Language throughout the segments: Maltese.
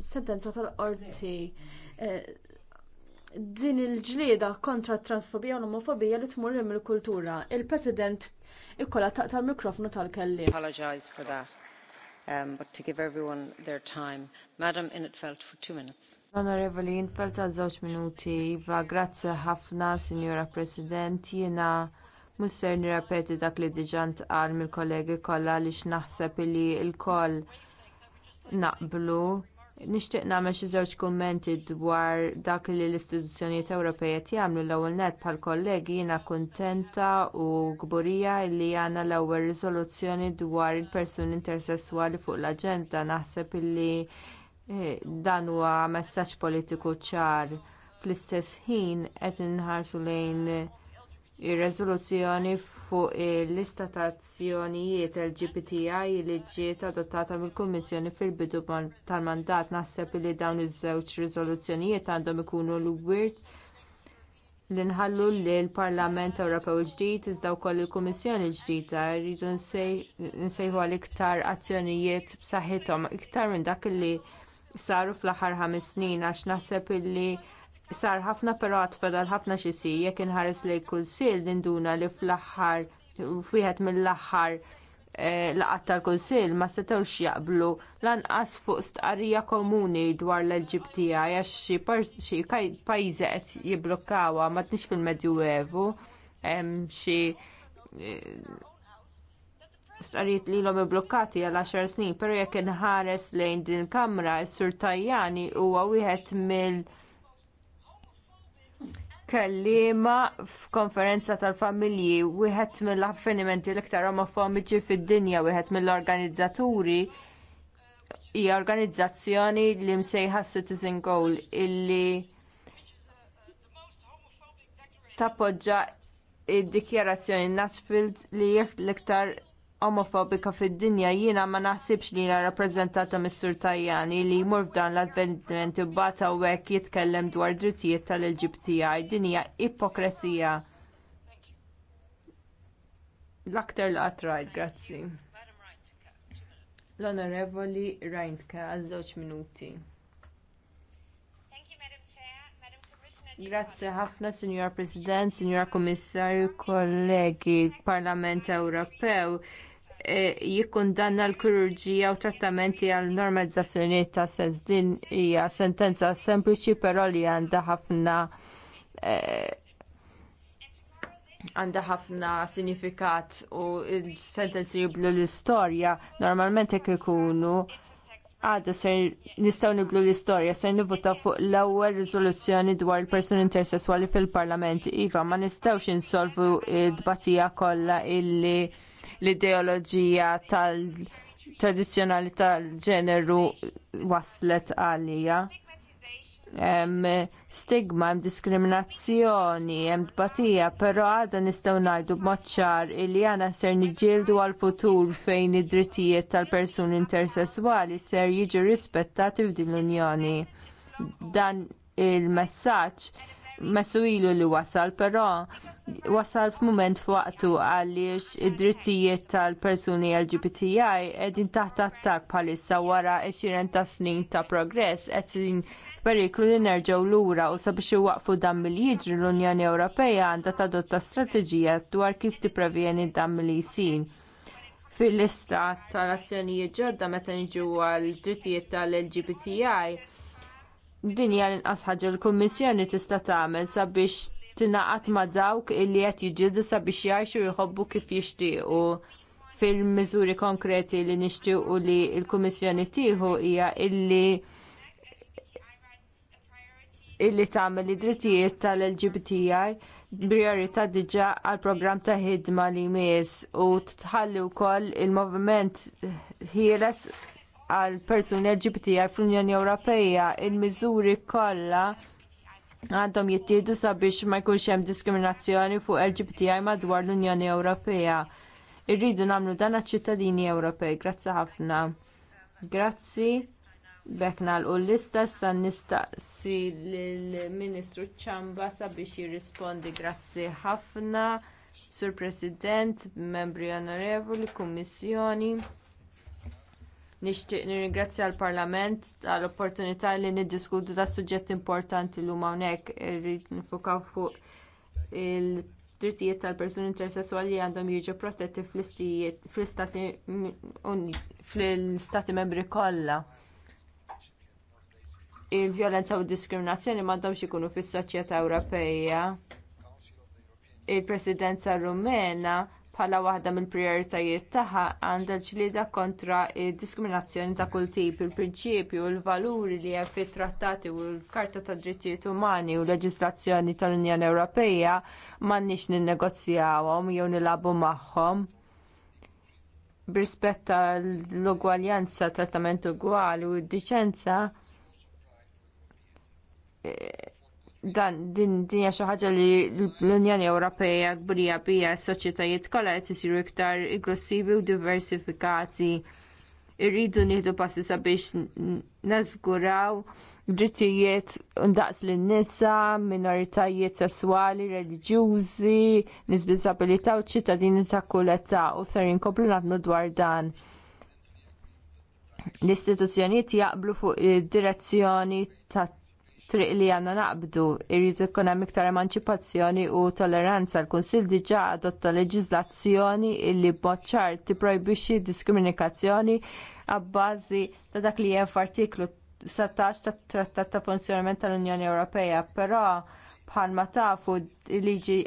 sentenza tal-qorti eh, din il-ġlieda kontra t transfobija u l-omofobija li tmur mill kultura Il-President ikkola taq tal-mikrofonu tal-kelli. Apologize for that, um, but to give everyone their time. Madam Inetfeld for two minutes. Onorevoli Inetfeld għal żewġ minuti, va grazie ħafna, Signora President, jiena musser nirrapeti dak li diġant għal mill-kollegi kollha li x'naħseb li il koll naqblu Nixtieq nagħmel xi żewġ kummenti dwar dak li l-istituzzjonijiet Ewropej qed jagħmlu l-ewwel nett bħal kollegi jiena kuntenta u gburija li għandna l-ewwel riżoluzzjoni dwar il-persuni intersesswali fuq l-aġenda naħseb illi eh, dan huwa messaġġ politiku ċar fl-istess ħin qed inħarsu lejn ir-reżoluzzjoni fuq il-lista ta' azzjonijiet LGBTI li ġiet adottata mill-Kummissjoni fil-bidu tal-mandat naħseb li dawn iż-żewġ riżoluzzjonijiet għandhom ikunu l-wirt li nħallu li l-Parlament Ewropew ġdid iżda wkoll il-Kummissjoni ġdida rridu nsejħu għal iktar azzjonijiet b'saħħithom iktar minn dak li saru fl-aħħar ħames snin għax naħseb illi sar ħafna però għatfadal ħafna jsir. jekk inħares li kull kunsill ninduna li fl-aħħar wieħed mill-aħħar eh, laqat tal-kunsill ma setgħux jaqblu lanqas fuq stqarrija komuni dwar l-LGBTI għax xi pajjiżi qed jibblukkawha m'għadniex fil medju hemm xi eh, stqarrijiet li l-om blokkati għal 10 snin, però jekk inħares lejn din kamra, s-sur Tajjani huwa wieħed mill- kellima f'konferenza tal-familji wieħed mill-avvenimenti l-iktar omofomiċi fid-dinja wieħed mill-organizzaturi hija organizzazzjoni li msejħa Citizen Goal illi tappoġġa d dikjarazzjoni Nashville li l-iktar omofobika fid-dinja jiena ma naħsibx li jiena rappreżentata mis-Sur Tajani li jmur f'dan l-avveniment imbagħad hawnhekk jitkellem dwar drittijiet tal-LGBTI. Din hija ipokresija. L-aktar l qatrajt grazzi. L-Onorevoli Reintke għal żewġ minuti. Grazie ħafna, Signor President, Signor Kommissarju, kollegi, Parlament Ewropew. Eh, jikkundanna l-kirurġija u trattamenti għal normalizzazzjoni ta' sens. Din hija sentenza sempliċi però li għandha ħafna eh, għandha ħafna sinifikat u sentenzi jiblu l-istorja normalment hekk ikunu għadda ser nistaw niblu l-istorja, ser nivvota fuq l-ewwel riżoluzzjoni dwar il-persuni intersesswali fil-Parlament. Iva, ma nistawx insolvu d dbatija kollha illi l-ideoloġija tal-tradizjonali tal-ġeneru waslet għalija. Hemm stigma, hemm diskriminazzjoni, hemm tbatija, però għadha nistgħu ngħidu b'mod ċar li għana ser niġġieldu għal futur fejn id-drittijiet tal-persuni intersesswali ser jiġu rispettati f'din l-Unjoni. Dan il-messaġġ messu ilu li wasal, però wasal f'mument f'waqtu għaliex id-drittijiet tal-persuni LGBTI edin taħt attak bħalissa wara 20 ta' snin ta' progress qed periklu li nerġgħu lura u sabiex iwaqfu dan milli jiġri l-Unjoni Ewropea għandha tadotta strateġija dwar kif tipprevjeni dan milli jsir fil-lista tal-azzjonijiet ġodda meta niġu għal drittijiet tal-LGBTI din hija l-inqas ħaġa l-Kummissjoni tista' tagħmel sabiex tingħaqad ma' dawk illi qed jiġġieldu sabiex jgħixu jħobbu kif jixtiequ fil-miżuri konkreti li nixtiequ li l-Kummissjoni tieħu hija illi illi tagħmel id-drittijiet tal-LGBTI priorità diġà għall programm ta' ħidma li jmiss u tħalli wkoll il-moviment ħieles għal persuni LGBTI fl-Unjoni Ewropea. Il-miżuri kollha għandhom jittiedu sabiex ma jkunx hemm diskriminazzjoni fuq LGBTI madwar l-Unjoni Ewropea. Irridu nagħmlu dan għaċ-ċittadini Ewropej. Grazzi ħafna. Grazzi. Bekna l lista san nistaqsi l-Ministru ċamba sabiex jirrispondi. Grazzi ħafna. Sur President, membri onorevoli, kummissjoni. Nixtieq nirringrazzja l-Parlament għall-opportunità li niddiskutu ta' suġġett importanti l hawnhekk irrid nifukaw fuq il-drittijiet tal-persuni intersesswali li għandhom jiġu protetti fl-istati membri kollha. Il-vjolenza u d diskriminazzjoni m'għandhomx ikunu fis-soċjetà Ewropejja. Il-Presidenza Rumena bħala waħda mill-prijoritajiet tagħha għandha ġlieda kontra d diskriminazzjoni ta' kull tip, il-prinċipju u l-valuri li hemm fit-trattati u l-Karta tad Drittijiet Umani u l-leġislazzjoni tal-Unjoni Ewropea m'għandniex ninnegozjawhom jew nilagħbu magħhom b'rispett tal-ugwaljanza, trattament ugwali u d-diċenza dan din din xi ħaġa li l-Unjoni Ewropea kbrija bija s-soċjetajiet kollha qed isiru iktar aggressivi u diversifikati. Irridu nieħdu passi sabiex nażguraw drittijiet ndaqs lin nisa minoritajiet sesswali, reliġjużi, nies b'diżabilità u ċittadini ta' kull età u ser inkomplu nagħmlu dwar dan l-istituzzjonijiet jaqblu fuq id-direzzjoni ta' triq li għandna naqbdu irridu jkun hemm iktar emanċipazzjoni u tolleranza l-Kunsill diġà adotta leġiżlazzjoni li b'moċċar tipprojbixxi diskriminazzjoni abbażi ta' dak li hemm f'artiklu 17 tat-Trattat ta' Funzjonament tal-Unjoni Ewropea, però bħalma tafu liġi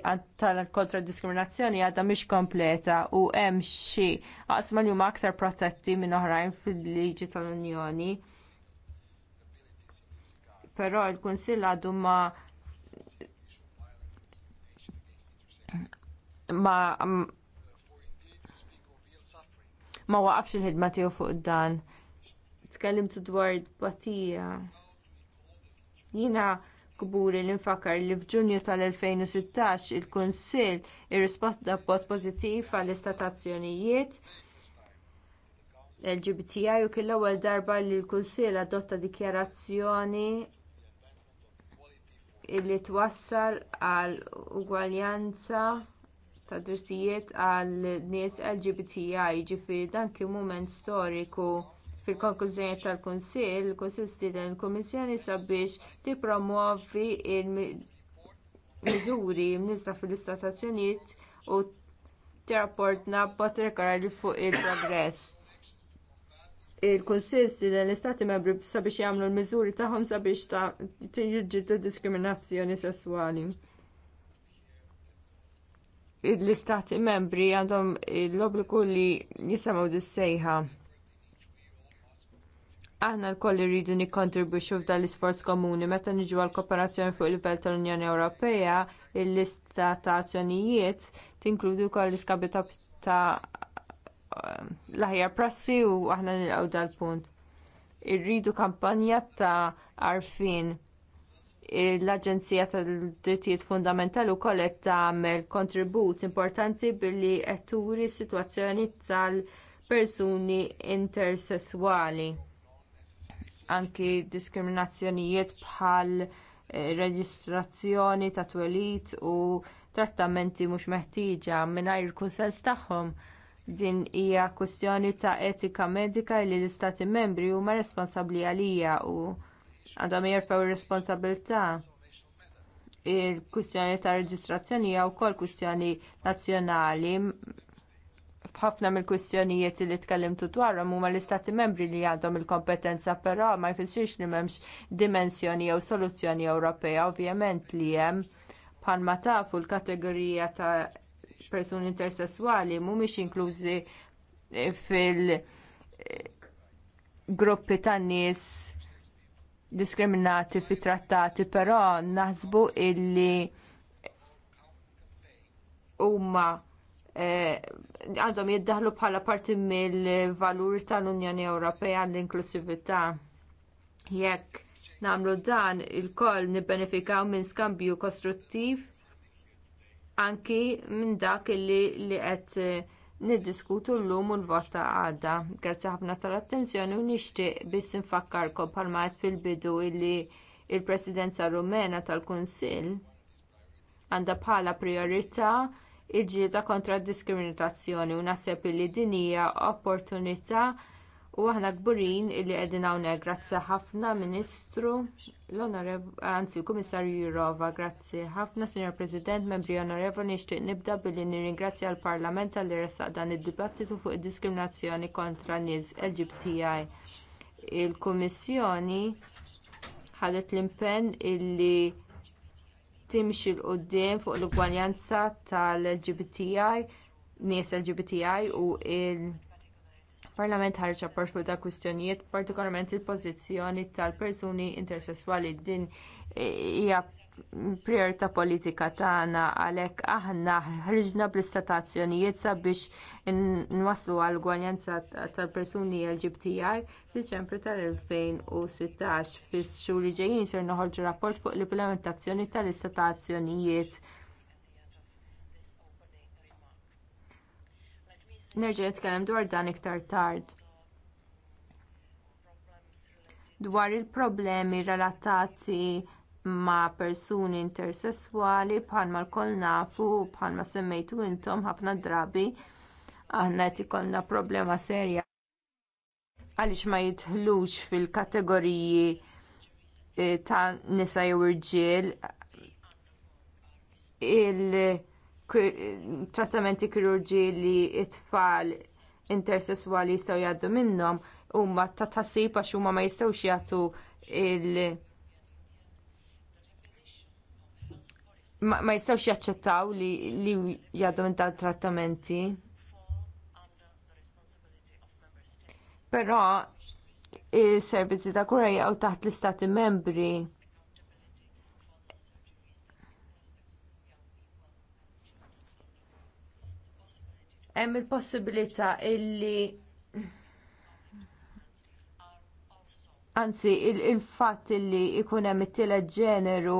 tal-kontra diskriminazzjoni għadha mhix kompleta u hemm xi aqsma li huma aktar protetti minn oħrajn fil-liġi tal-Unjoni però l-Kunsill għadu ma ma ma waqafx il-ħidma tiegħu fuq dan. Tkellimtu dwar batija. Jina kburi li nfakar li f'Ġunju tal-2016 il-Kunsill irrisposta b'mod pożittiv għall-istatazzjonijiet LGBTI u kien l-ewwel darba li l-Kunsill adotta dikjarazzjoni li twassal għal ugwaljanza ta' drittijiet għal nies LGBTI ġifiri dan kien mument storiku fil-konklużjoni tal-Kunsill, konsisti kunsill stiden kummissjoni sabiex tippromuovi il-miżuri mniżla fil-istatazzjonijiet u tirrapportna b'mod regolari fuq il-progress il-Kunsill li l-Istati membri sabiex jagħmlu l-miżuri tagħhom sabiex ta' jiġġieldu diskriminazzjoni sesswali. L-Istati membri għandhom l-obbligu li jisimgħu dis-sejħa. Aħna lkoll rridu nikkontribwixxu f'dan l-isforz komuni meta niġu għal kooperazzjoni fuq il-livell tal-Unjoni Ewropea, l lista ta' azzjonijiet tinkludi wkoll l iskabi ta' l-aħjar prassi u aħna nilqgħu dal-punt. Irridu kampanja ta' arfin l-Aġenzija tal-Drittijiet Fundamentali wkoll qed tagħmel kontribut importanti billi qed turi s-sitwazzjoni tal-persuni intersesswali. Anki diskriminazzjonijiet bħal eh, reġistrazzjoni ta' twelit u trattamenti mhux meħtieġa mingħajr kunsens tagħhom. Din hija kwistjoni ta' etika medika li l-Istati membri huma responsabbli għalija u għandhom jerfgħu r-responsabilità. Il-kwistjoni ta' reġistrazzjoni hija wkoll kwistjoni nazzjonali f'ħafna mill-kwistjonijiet li tkellimtu dwarhom huma l-istati membri li għandhom il-kompetenza però ma jfissirx li m'hemmx dimensjoni jew soluzzjoni Ewropea ovvjament li hemm bħalma tafu l-kategorija ta' persuni intersessuali mhumiex inklużi eh, fil-gruppi eh, tan nies diskriminati fit trattati, però naħsbu illi huma eh, għandhom eh, jiddaħħlu bħala parti mill-valuri tal-Unjoni Ewropea l-inklusività. Jekk nagħmlu dan il-koll nibbenefikaw minn skambju kostruttiv anki minn dak illi li qed eh, niddiskutu llum u l-vota għadda. Grazzi ħafna tal-attenzjoni u nixtieq biss nfakkarkom bħalma qed fil-bidu illi l presidenza Rumena tal-Kunsill għandha bħala priorità il-ġieda kontra d diskriminazzjoni u naħseb li din hija opportunità U aħna kburin li qegħdin hawnhekk grazzi ħafna Ministru, l-Onorev, anzi l-Kummissarju Jurova, grazzi ħafna Sinjor President, membri onorevoli, nixtieq nibda billi nirringrazzja l parlament għalli ressaq dan id-dibattitu fuq id-diskriminazzjoni kontra nies LGBTI. Il-Kummissjoni ħadet l-impenn illi timxi l-qoddim fuq l-ugwaljanza tal-LGBTI, nies LGBTI u il- parlament ħareġ rapport ta' kwistjonijiet, partikolarment il-pożizzjoni tal-persuni intersesswali din hija priorità politika tagħna għalhekk aħna ħriġna bl-istatazzjonijiet sabiex nwasslu għal gwaljanza tal-persuni LGBTI f'Diċembru tal-2016 fix-xhur li ġejjin ser noħorġu rapport fuq l-implementazzjoni tal-istatazzjonijiet Nerġa' nitkellem dwar dan iktar tard. Dwar il-problemi relatati ma' persuni intersesswali bħalma l-kol nafu bħalma semmejtu intom ħafna drabi aħna qed ikollna problema serja għaliex ma jidħlux fil-kategoriji eh, ta' nisa jew irġiel il- trattamenti kirurġi li t tfal intersesswali jistgħu jgħaddu minnhom huma ta' tassib għax huma ma jistgħux jagħtu il ma jistgħux jaċċettaw li li jgħaddu minn tal trattamenti. Però il servizzi ta' kura jgħu taħt l-istati membri hemm il-possibilità illi Anzi, il-fatt il li ikun hemm it-tielet ġeneru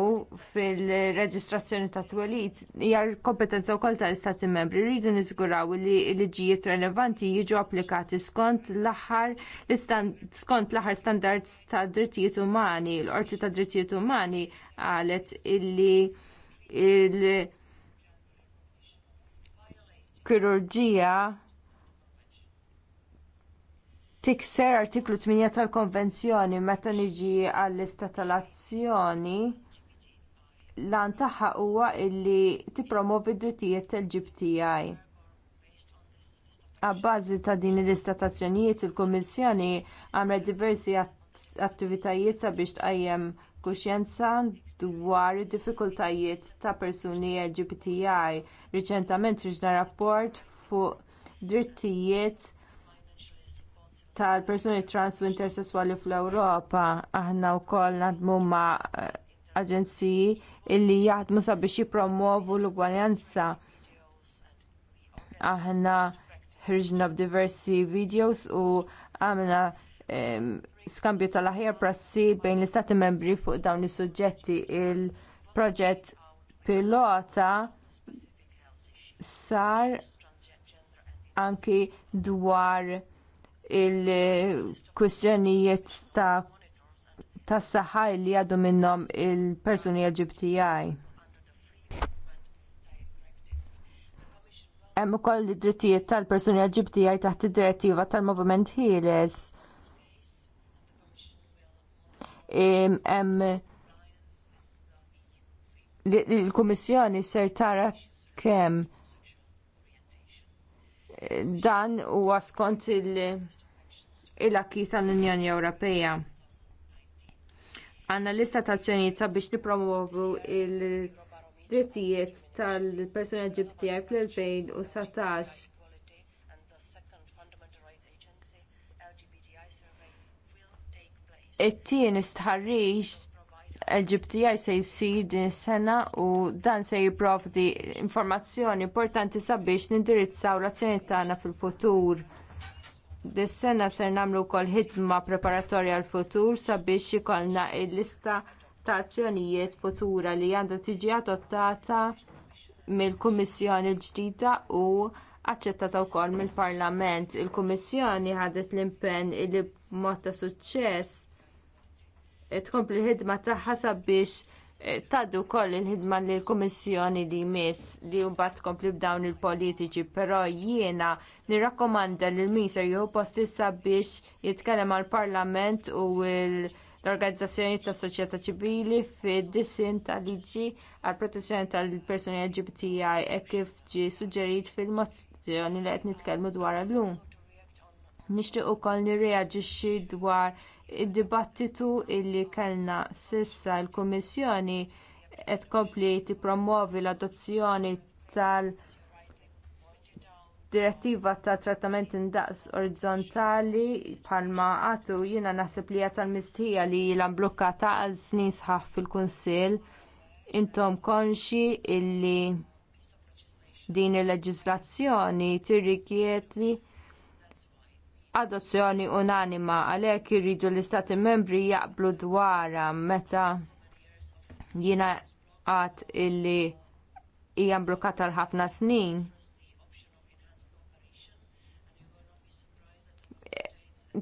fil-reġistrazzjoni ta' twelid hija kompetenza wkoll ta' istati Membri rridu niżguraw li l-liġijiet relevanti jiġu applikati skont l-aħħar skont l-aħħar standards ta' drittijiet umani. L-Qorti ta' Drittijiet Umani qalet illi il- kirurġija tikser artiklu 8 tal-konvenzjoni meta niġi għall-istatalazzjoni lan tagħha huwa li tippromovi d-drittijiet tal-GBTI. Għabbażi ta' din l-istatazzjonijiet il-Kummissjoni għamlet diversi attivitajiet sabiex tqajjem kuxjenza dwar id-diffikultajiet ta' persuni LGBTI. Riċentament riġna rapport fuq drittijiet tal-persuni trans u intersesswali fl-Ewropa. Aħna wkoll nadmu ma' aġenziji illi jaħdmu sabiex jippromovu l-ugwaljanza. Aħna ħriġna b'diversi videos u għamna skambju tal-aħjar prassi bejn l-istati membri fuq dawn is-suġġetti il-proġett pilota sar anki dwar il-kwistjonijiet ta' tas saħħa li għadu minnhom il-persuni LGBTI. Hemm ukoll id-drittijiet tal-persuni LGBTI taħt id-direttiva tal-Movement ħieles il-Kummissjoni ser tara kemm dan huwa skont il-akki tal-Unjoni Ewropea. Għanna lista ta' azzjonijiet sabiex nipromovu il-drittijiet tal-persuni LGBTI fl-2017 it-tieni stħarriġ LGBTI se jsir din is-sena u dan se jipprovdi informazzjoni importanti sabiex nindirizzaw l-azzjoni tagħna fil-futur. Dis-sena ser nagħmlu wkoll ħidma preparatorja għall futur sabiex ikollna l-lista ta' azzjonijiet futura li għandha tiġi adottata mill-Kummissjoni l-ġdida u aċċettata wkoll mill-Parlament. Il-Kummissjoni ħadet l-impenn li b'mod ta' suċċess tkompli l-ħidma tagħha sabiex eh, taddu koll il-ħidma li l-Kummissjoni li jmiss li mbagħad tkompli b'dawn il-politiċi, però jiena nirrakkomanda li l-Miser jieħu posti sabiex jitkellem għall parlament u l-organizzazzjoni tas soċjetà ċivili fid-disin tal-liġi għall protezzjoni tal-persuni LGBTI e kif ġie suġġerit fil-mozzjoni li qed nitkellmu dwar llum. Nixtieq ukoll nirreaġixxi dwar id-dibattitu illi kellna sissa l-Kummissjoni qed tkompli tippromovi l-adozzjoni tal- direttiva ta' trattament indaqs orizzontali bħalma għatu jiena naħseb li hija tal mistija li ilha mblukka għal snin sħaħ fil-Kunsill intom konxi illi din il-leġislazzjoni tirrikjeti adozzjoni unanima għalhekk irridu l-istati membri jaqblu dwarha meta jiena qatt illi hija mblukkata għal ħafna snin.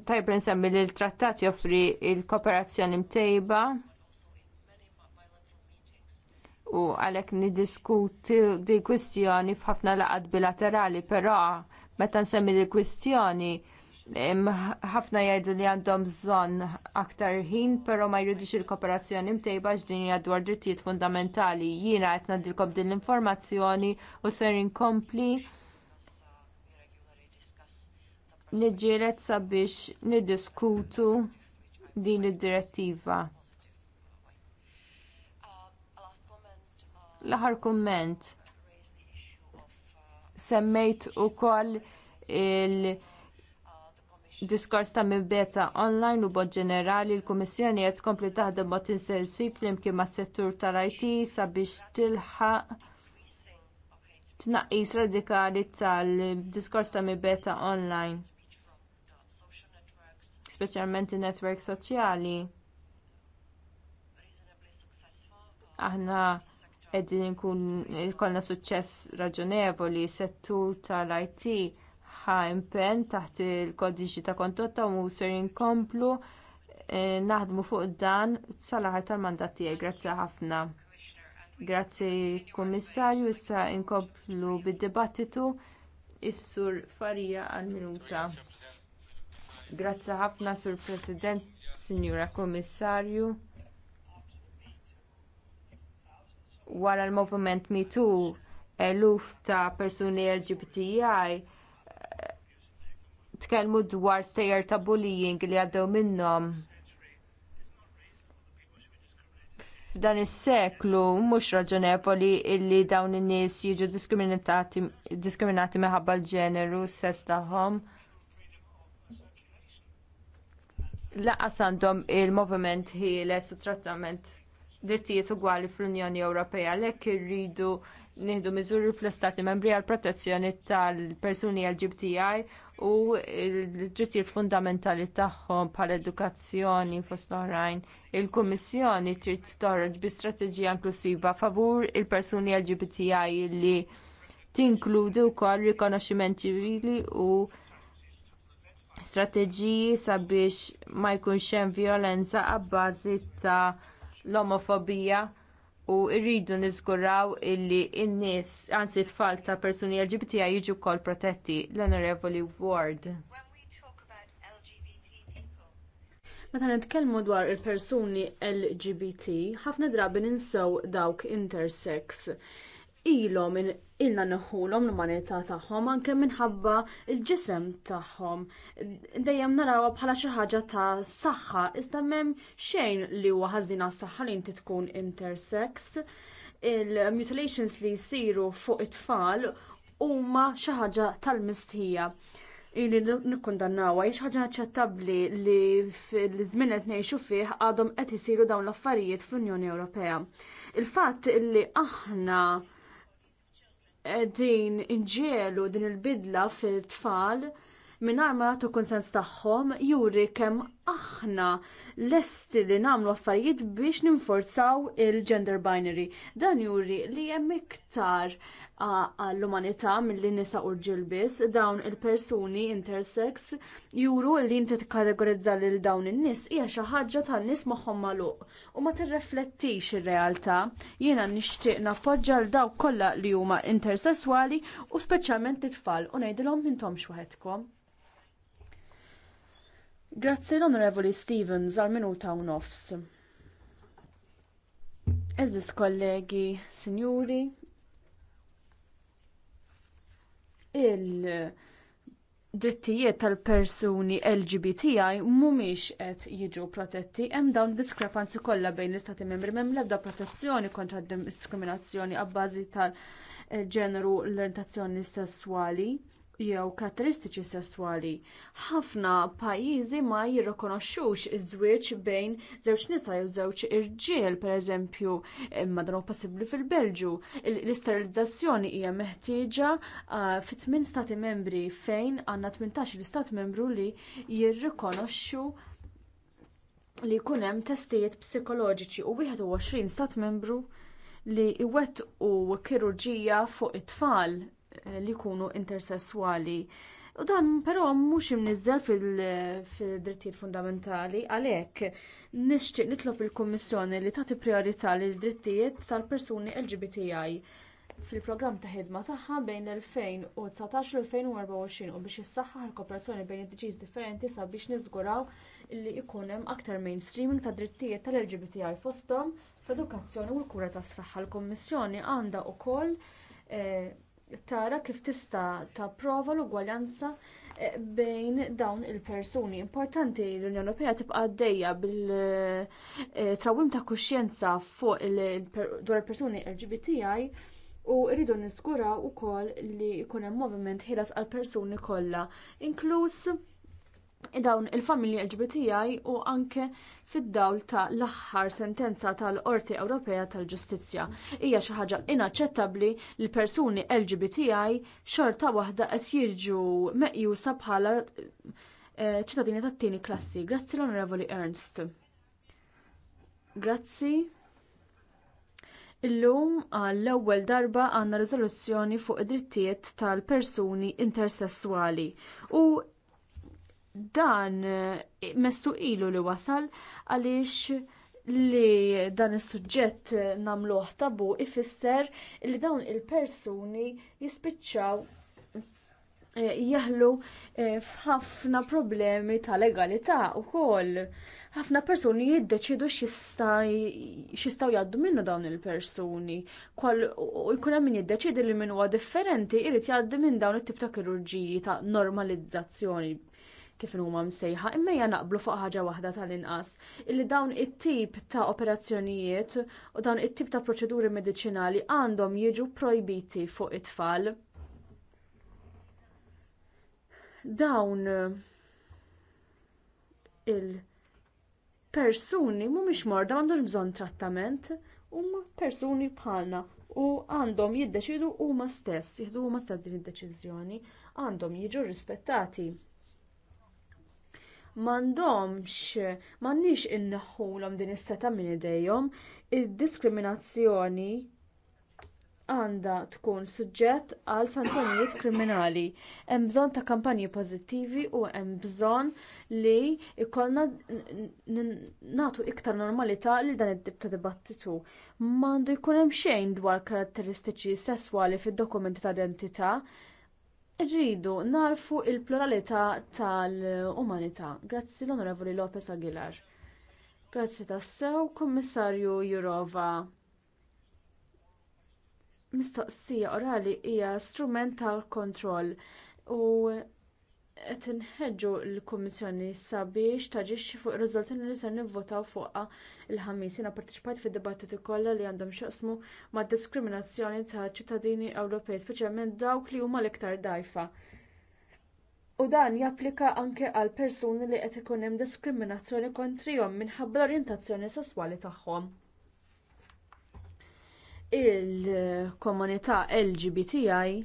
Tajb nsemmi li l-trattat joffri l kooperazzjoni mtejba u għalhekk niddiskuti di kwistjoni f'ħafna laqgħat bilaterali, però meta nsemmi di kwistjoni ħafna jgħidu li għandhom bżonn aktar ħin, però ma jridux il-kooperazzjoni mtejba din hija dwar drittijiet fundamentali. Jiena qed ngħaddilkom din l-informazzjoni u ser inkompli niġġieled sabiex niddiskutu din id-direttiva. L-aħħar kumment semmejt ukoll il- diskors ta' minbeta online u bod ġenerali l-Kummissjoni qed tkompli taħdem mod insersib flimkien mas-settur tal-IT sabiex tilħaq tnaqqis radikali tal-diskors ta' minbeta online. Speċjalment in netwerk soċjali. Aħna qegħdin nkun ikollna suċċess raġunevoli settur tal-IT ħa impenn taħt il-kodiċi ta' kontotta u ser inkomplu eh, naħdmu fuq dan sal-aħar tal-mandat tiegħi. Grazzi ħafna. Grazzi Kummissarju, issa inkomplu bid-dibattitu is-sur Farija għal-minuta. Grazzi ħafna sur President, Sinjura Kummissarju. Wara l-movement mitu eluf ta' persuni LGBTI tkellmu dwar stejjer ta' bullying li għaddew minnhom. F'dan is-seklu mhux raġonevoli li dawn in-nies jiġu diskriminati minħabba l-ġeneru sess tagħhom. Laqas għandhom il-moviment ħieles u trattament drittijiet ugwali fl-Unjoni Ewropea għalhekk irridu nieħdu miżuri fl-Istati membri għall protezzjoni tal-persuni LGBTI u l-drittijiet fundamentali tagħhom bħal edukazzjoni fost l-oħrajn. Il-Kummissjoni trid storġ bi strateġija inklusiva favur il-persuni LGBTI li tinkludi wkoll rikonoxximent ċivili u strateġiji sabiex ma jkunx hemm vjolenza abbażi ta' l-omofobija u rridu niżguraw illi n-nies, anzi tfal ta' persuni LGBTI jiġu wkoll protetti l honorable Ward. Meta nitkellmu dwar il-persuni LGBT, ħafna drabi ninsew dawk intersex ilhom ilna neħħulhom l-umanità tagħhom anke minħabba l-ġisem tagħhom. Dejjem naraw bħala xi ħaġa ta' saħħa, iżda m'hemm xejn li huwa ħażin saħħa li inti tkun intersex. Il-mutilations li jsiru fuq it-tfal huma xi ħaġa tal-mistħija Ili nikkondannawha hija xi ħaġa naċċettabbli li fil-żmien qed ngħixu fih għadhom qed isiru dawn l-affarijiet fl-Unjoni Ewropea. Il-fatt li aħna din inġielu din il-bidla fil-tfal minn ma ta' konsens tagħhom juri kemm aħna lesti li nagħmlu affarijiet biex ninforzaw il-gender binary. Dan juri li hemm iktar għall-umanità milli nisa u biss, dawn il-persuni intersex juru li inti tikkategorizza lil dawn in-nies hija xi ħaġa tan-nies magħhom magħluq u ma tirreflettix ir-realtà. Jiena nixtieq nappoġġa l dawk kollha li huma intersesswali u speċjalment it-tfal u ngħidilhom m'intomx waħedkom. Grazzi l-Onorevoli Stevens għal minuta u nofs. Eżis kollegi, sinjuri, il-drittijiet tal-persuni LGBTI mhumiex qed jiġu protetti hemm dawn diskrepanzi kollha bejn l-istati membri m'hemm l-ebda protezzjoni kontra d-diskriminazzjoni għabbażi tal-ġeneru eh, l-orientazzjoni sesswali jew karatteristiċi sesswali. Ħafna pajjiżi ma jirrikonoxxux iż-żwieġ bejn żewġ nisa jew żewġ irġiel, pereżempju, imma dan possibbli fil-Belġu. L-isterilizzazzjoni hija meħtieġa ah, fi tmien stati membri fejn għandna 18 stat membru li jirrikonoxxu li jkun hemm testijiet psikoloġiċi u 21 stat membru li iwettqu kirurġija fuq it-tfal li jkunu intersesswali. U dan però mhux imniżżel fil-drittijiet fundamentali għalhekk nixtieq nitlob il-Kummissjoni li tagħti priorità l drittijiet tal-persuni LGBTI fil-programm ta' ħidma tagħha bejn l-2019 l-2024 u biex issaħħaħ l kooperazzjoni bejn id ġiż differenti sabiex niżguraw li jkun hemm aktar mainstreaming ta' drittijiet tal-LGBTI fosthom fl-edukazzjoni u l-kura tas-saħħa. L-Kummissjoni għandha wkoll eh, tara kif tista' tapprova l-ugwaljanza eh, bejn dawn il-persuni. Importanti l-Unjoni Ewropea tibqa' għaddejja bil-trawim eh, ta' kuxjenza fuq dwar il-persuni LGBTI u rridu niskuraw ukoll li jkun hemm moviment ħilas għall persuni kollha, inkluż dawn il-familji LGBTI u anke fid-dawl ta' l-aħħar sentenza tal-Qorti Ewropea tal-Ġustizzja. Hija xi ħaġa inaċċettabbli li persuni LGBTI xorta waħda qed jiġu meqjusa bħala eh, ċittadini tat-tieni klassi. Grazzi l-Onorevoli Ernst. Grazzi. Illum għall-ewwel darba għandna riżoluzzjoni fuq id-drittijiet tal-persuni intersesswali u dan eh, mestu ilu li wasal għaliex li dan is-suġġett eh, nagħmluh tabu ifisser li dawn il-persuni jispiċċaw eh, jaħlu f'ħafna problemi ta' legalità wkoll. Ħafna persuni jiddeċidu xistaw jgħaddu minnu dawn il-persuni. U jkun hemm min jiddeċidi li min huwa differenti jrid jgħaddi minn dawn it-tip ta' kirurġiji ta' normalizzazzjoni kif huma msejħa, imma hija naqblu fuq ħaġa waħda tal-inqas illi dawn it-tip ta' operazzjonijiet u dawn it-tip ta' proċeduri mediċinali għandhom jiġu projbiti fuq it-tfal. Dawn eh, il-persuni mhumiex morda għandhom bżonn trattament, huma persuni bħalna u għandhom jiddeċidu huma stess, jieħdu huma stess din id-deċiżjoni, għandhom jiġu rispettati m'għandhomx m'għandniex inneħħulhom din is-seta' minn idejhom. Id-diskriminazzjoni għandha tkun suġġett għal sanzjonijiet kriminali. Hemm bżonn ta' kampanji pożittivi u hemm bżonn li jkollna nagħtu iktar normalità li dan id tip ta' dibattitu. M'għandu jkun hemm xejn dwar karatteristiċi sesswali fid-dokumenti ta' identità, rridu narfu il-pluralità tal-umanità. Grazzi l-Onorevoli Lopez Aguilar. Grazzi tassew, Kummissarju Jurova. Mistoqsija orali hija strument tal-kontroll u qed inħeġġu l-Kummissjoni sabiex taġixxi fuq ir-riżoluzzjoni li se nivvotaw fuqha il-ħamis. Jiena pparteċipajt fid-dibattiti kollha li għandhom x'jaqsmu mad diskriminazzjoni ta' ċittadini Ewropej, speċjalment dawk li huma l-iktar dgħajfa. U dan japplika anke għal persuni li qed ikun hemm diskriminazzjoni kontrihom minħabba l-orjentazzjoni sesswali tagħhom. Il-komunità LGBTI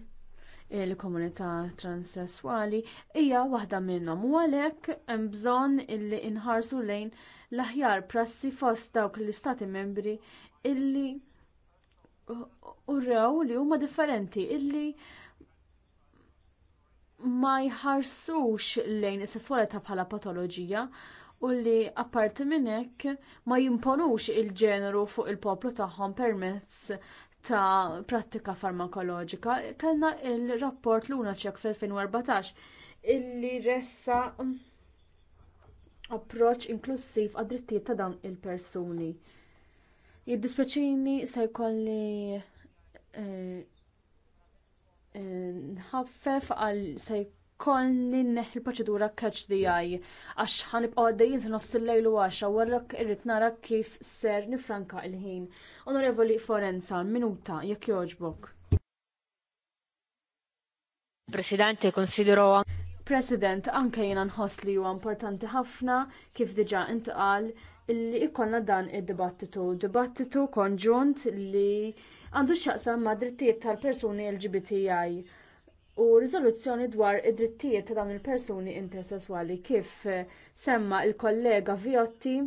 il-komunità transessuali hija waħda minnhom u għalhekk hemm bżonn illi inħarsu lejn l-aħjar prassi fost dawk l-istati membri illi urrew li huma differenti illi ma jħarsux lejn is-sesswalità bħala patoloġija u li apparti minn hekk ma jimponux il-ġeneru fuq il-poplu tagħhom permezz ta' prattika farmakoloġika, kellna il-rapport Luna ċek fil-2014 illi ressa approċċ inklusiv għad-drittijiet ta' dawn il-persuni. Jiddispjaċini se jkolli eh, eh, nħaffef għal se kolli neħ il-proċedura catch the eye għax ħanibqgħu għaddejjin sa nofs il-lejlu għaxa warrak irrit nara kif ser nifranka il-ħin. Onorevoli Forenza, minuta jekk jogħġbok. Presidente, konsidero President, anke jiena nħoss li huwa importanti ħafna kif diġà intqal li ikonna dan id-dibattitu, dibattitu konġunt li għandu x'jaqsam ma' drittijiet tal-persuni LGBTI u riżoluzzjoni dwar id-drittijiet ta' dawn il-persuni intersesswali kif eh, semma l kollega Viotti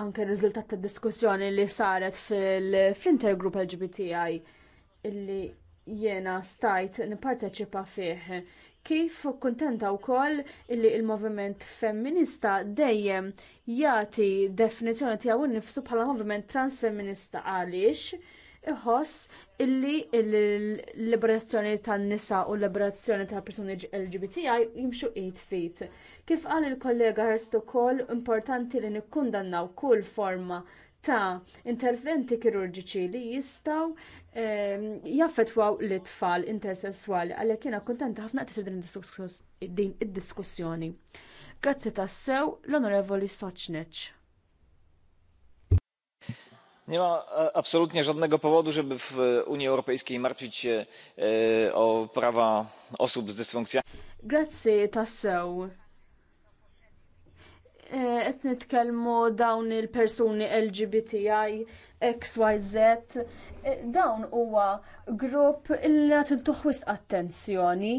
anke r-riżultat tad diskussjoni li saret fil-intergroup LGBTI illi jiena stajt nipparteċipa fih. Kif kuntenta wkoll illi l moviment femminista dejjem jagħti definizzjoni tiegħu innifsu bħala moviment transfeminista għaliex iħoss illi l-liberazzjoni tan-nisa u l-liberazzjoni tal-persuni LGBTI jimxu id fit. Kif qal il-kollega Herst ukoll importanti li nikkundannaw kull forma ta' interventi kirurġiċi li jistgħu ehm, jaffetwaw l-tfal intersesswali għalhekk jiena kuntenta ħafna tisir din id-diskussjoni. Grazzi tassew l-Onorevoli Soċneċ nie ma e, absolutnie żadnego powodu żeby w unii europejskiej martwić się e, o prawa osób z dysfunkcjami. Eh, qed nitkellmu dawn il-persuni LGBTI, XYZ, eh, dawn huwa grupp li għat intuħwis attenzjoni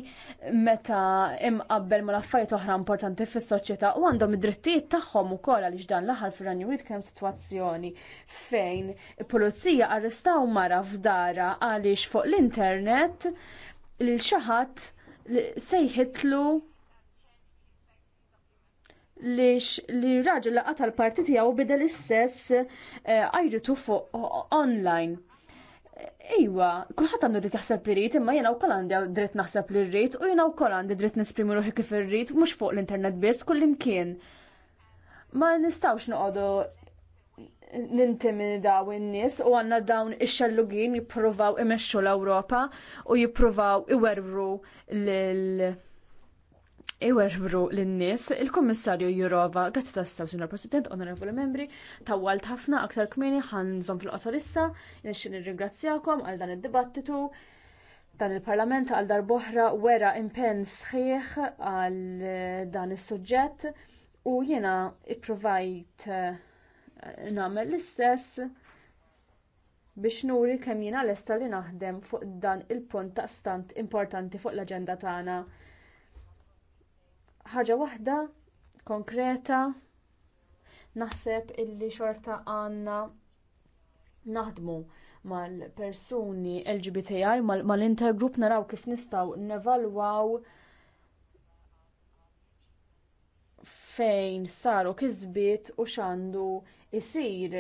meta imqabbel ma affarijiet oħra importanti fis-soċjetà u għandhom id-drittijiet tagħhom ukoll għaliex dan l-aħħar fir-Renjuwiet kemm sitwazzjoni fejn il-pulizija arrestaw mara f'dara għaliex fuq l-internet lil xi ħadd sejħitlu li raġel laqat tal-parti tiegħu bidel l-istess għajritu eh, fuq online. Iwa, kulħadd għandu dritt jaħseb li rrit, imma jiena wkoll għandi dritt naħseb li rrit u jiena wkoll għandi dritt nisprimi ruħi kif rrit, mhux fuq l-internet biss kullimkien. Ma nistgħux noqogħdu nintimidaw in-nies u għandna dawn ix-xellugin jippruvaw imexxu l-Ewropa u jippruvaw iwerru lil iwerħbru l-nies, il-Kommissarju Jurova, grazzi ta' staw Sinjor President, onorevoli membri, tawalt ħafna aktar kmini ħanżom fil-qosor issa, nixtieq ringrazzjakom għal dan id-dibattitu, dan il-Parlament għal darboħra wera impenn sħiħ għal dan is-suġġett u jiena ippruvajt eh, nagħmel l-istess biex nuri kemm jiena lesta li naħdem fuq dan il-punt ta' stant importanti fuq l-aġenda tagħna ħaġa waħda konkreta naħseb illi xorta għandna naħdmu mal-persuni LGBTI, mal-intergroup mal naraw kif nistgħu nevalwaw fejn saru kisbiet u x'għandu isir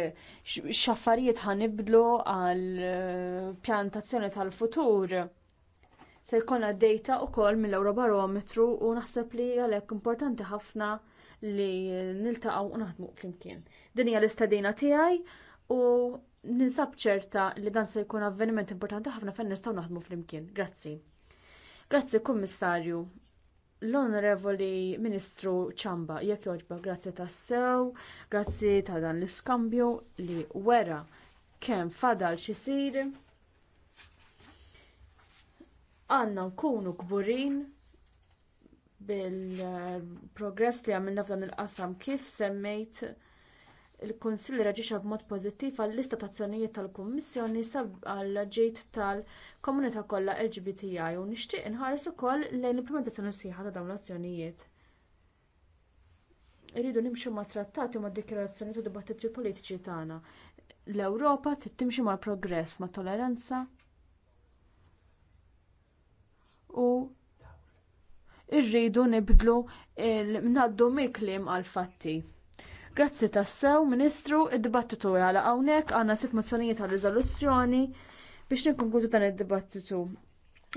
x'affarijiet ħanibdlu għal eh, pjantazzjoni tal-futur se jkollna data wkoll mill-Eurobarometru u naħseb li għalhekk importanti ħafna li niltaqgħu u naħdmu flimkien. Din hija l-istadina tiegħi u ninsab ċerta li dan se jkun avveniment importanti ħafna fejn nistgħu naħdmu flimkien. Grazzi. Grazzi Kummissarju. L-Onorevoli Ministru Ċamba, jekk joġba, grazzi ta' sew grazzi ta' dan l-iskambju li wera kemm fadal xisir għanna nkunu kburin bil-progress li għamilna f'dan il-qasam kif semmejt il-Kunsill reġiċa b'mod pożittiv għall lista ta' azzjonijiet tal-Kummissjoni għall ġejt tal-komunità kollha LGBTI u nixtieq inħares ukoll lejn l-implementazzjoni sħiħa ta' dawn l-azzjonijiet. Irridu nimxu ma' trattati u ma' dikjarazzjoni u dibattiti politiċi tagħna. L-Ewropa tittimxi mal progress ma' toleranza, u irridu nibdlu il-mnaddu mill-kliem għal-fatti. Grazzi tassew, Ministru, id-dibattitu għala għawnek, għanna sitt mozzjonijiet għal riżoluzzjoni biex nikkonkludu dan id-dibattitu.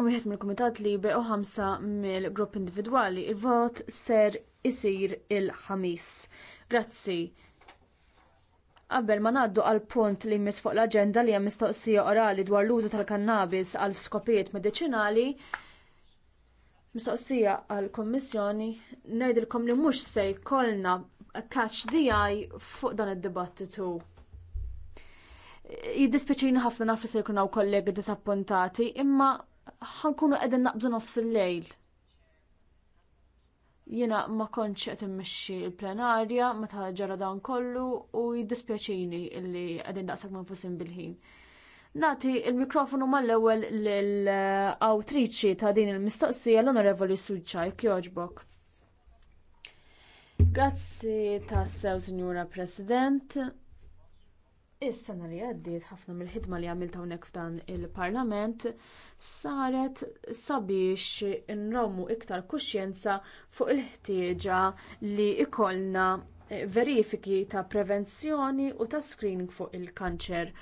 Wieħed mill-Kumitat Libe u ħamsa mill-grupp individwali, il-vot ser isir il-ħamis. Grazzi. Qabel ma ngħaddu għal punt li jmiss fuq l-aġenda li hemm mistoqsija orali dwar l-użu tal-kannabis għal skopijiet mediċinali, mistoqsija għall kommissjoni ngħidilkom li mhux se jkollna catch DI fuq dan id-dibattitu. Jiddispjaċini ħafna naf li se jkunu kollegi disappuntati, imma ħankunu qegħdin naqbdu nofs il-lejl. Jiena ma kontx qed immexxi l-plenarja meta ġara dan kollu u jiddispjaċini li qegħdin daqshekk ma nfusin bil-ħin. Nati il-mikrofonu mal-ewwel l-awtriċi ta' din il-mistoqsija l-Onorevoli Suċajk kjoġbok. Grazzi tassew, Signora President. Is-sena li għaddiet ħafna mill-ħidma li għamilt hawnhekk f'dan il-Parlament saret sabiex nromu iktar kuxjenza fuq il-ħtieġa li ikollna verifiki ta' prevenzjoni u ta' screening fuq il-kanċer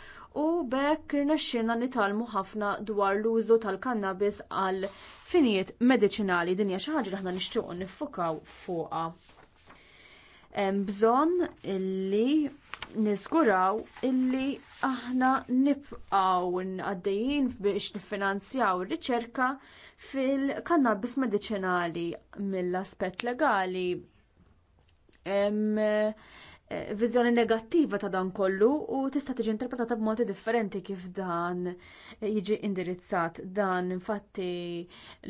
u bekk irnexxilna nitalmu ħafna dwar l-użu tal-kannabis għal finijiet mediċinali dinja xi ħaġa li aħna nixtiequ niffokaw fuqha. Hemm bżonn illi niżguraw illi aħna nibqgħu għaddejjin biex niffinanzjaw ir-riċerka fil-kannabis mediċinali mill-aspett legali. Em, Eh, viżjoni negattiva ta' dan kollu u tista' tiġi interpretata b'modi differenti kif dan jiġi indirizzat. Dan infatti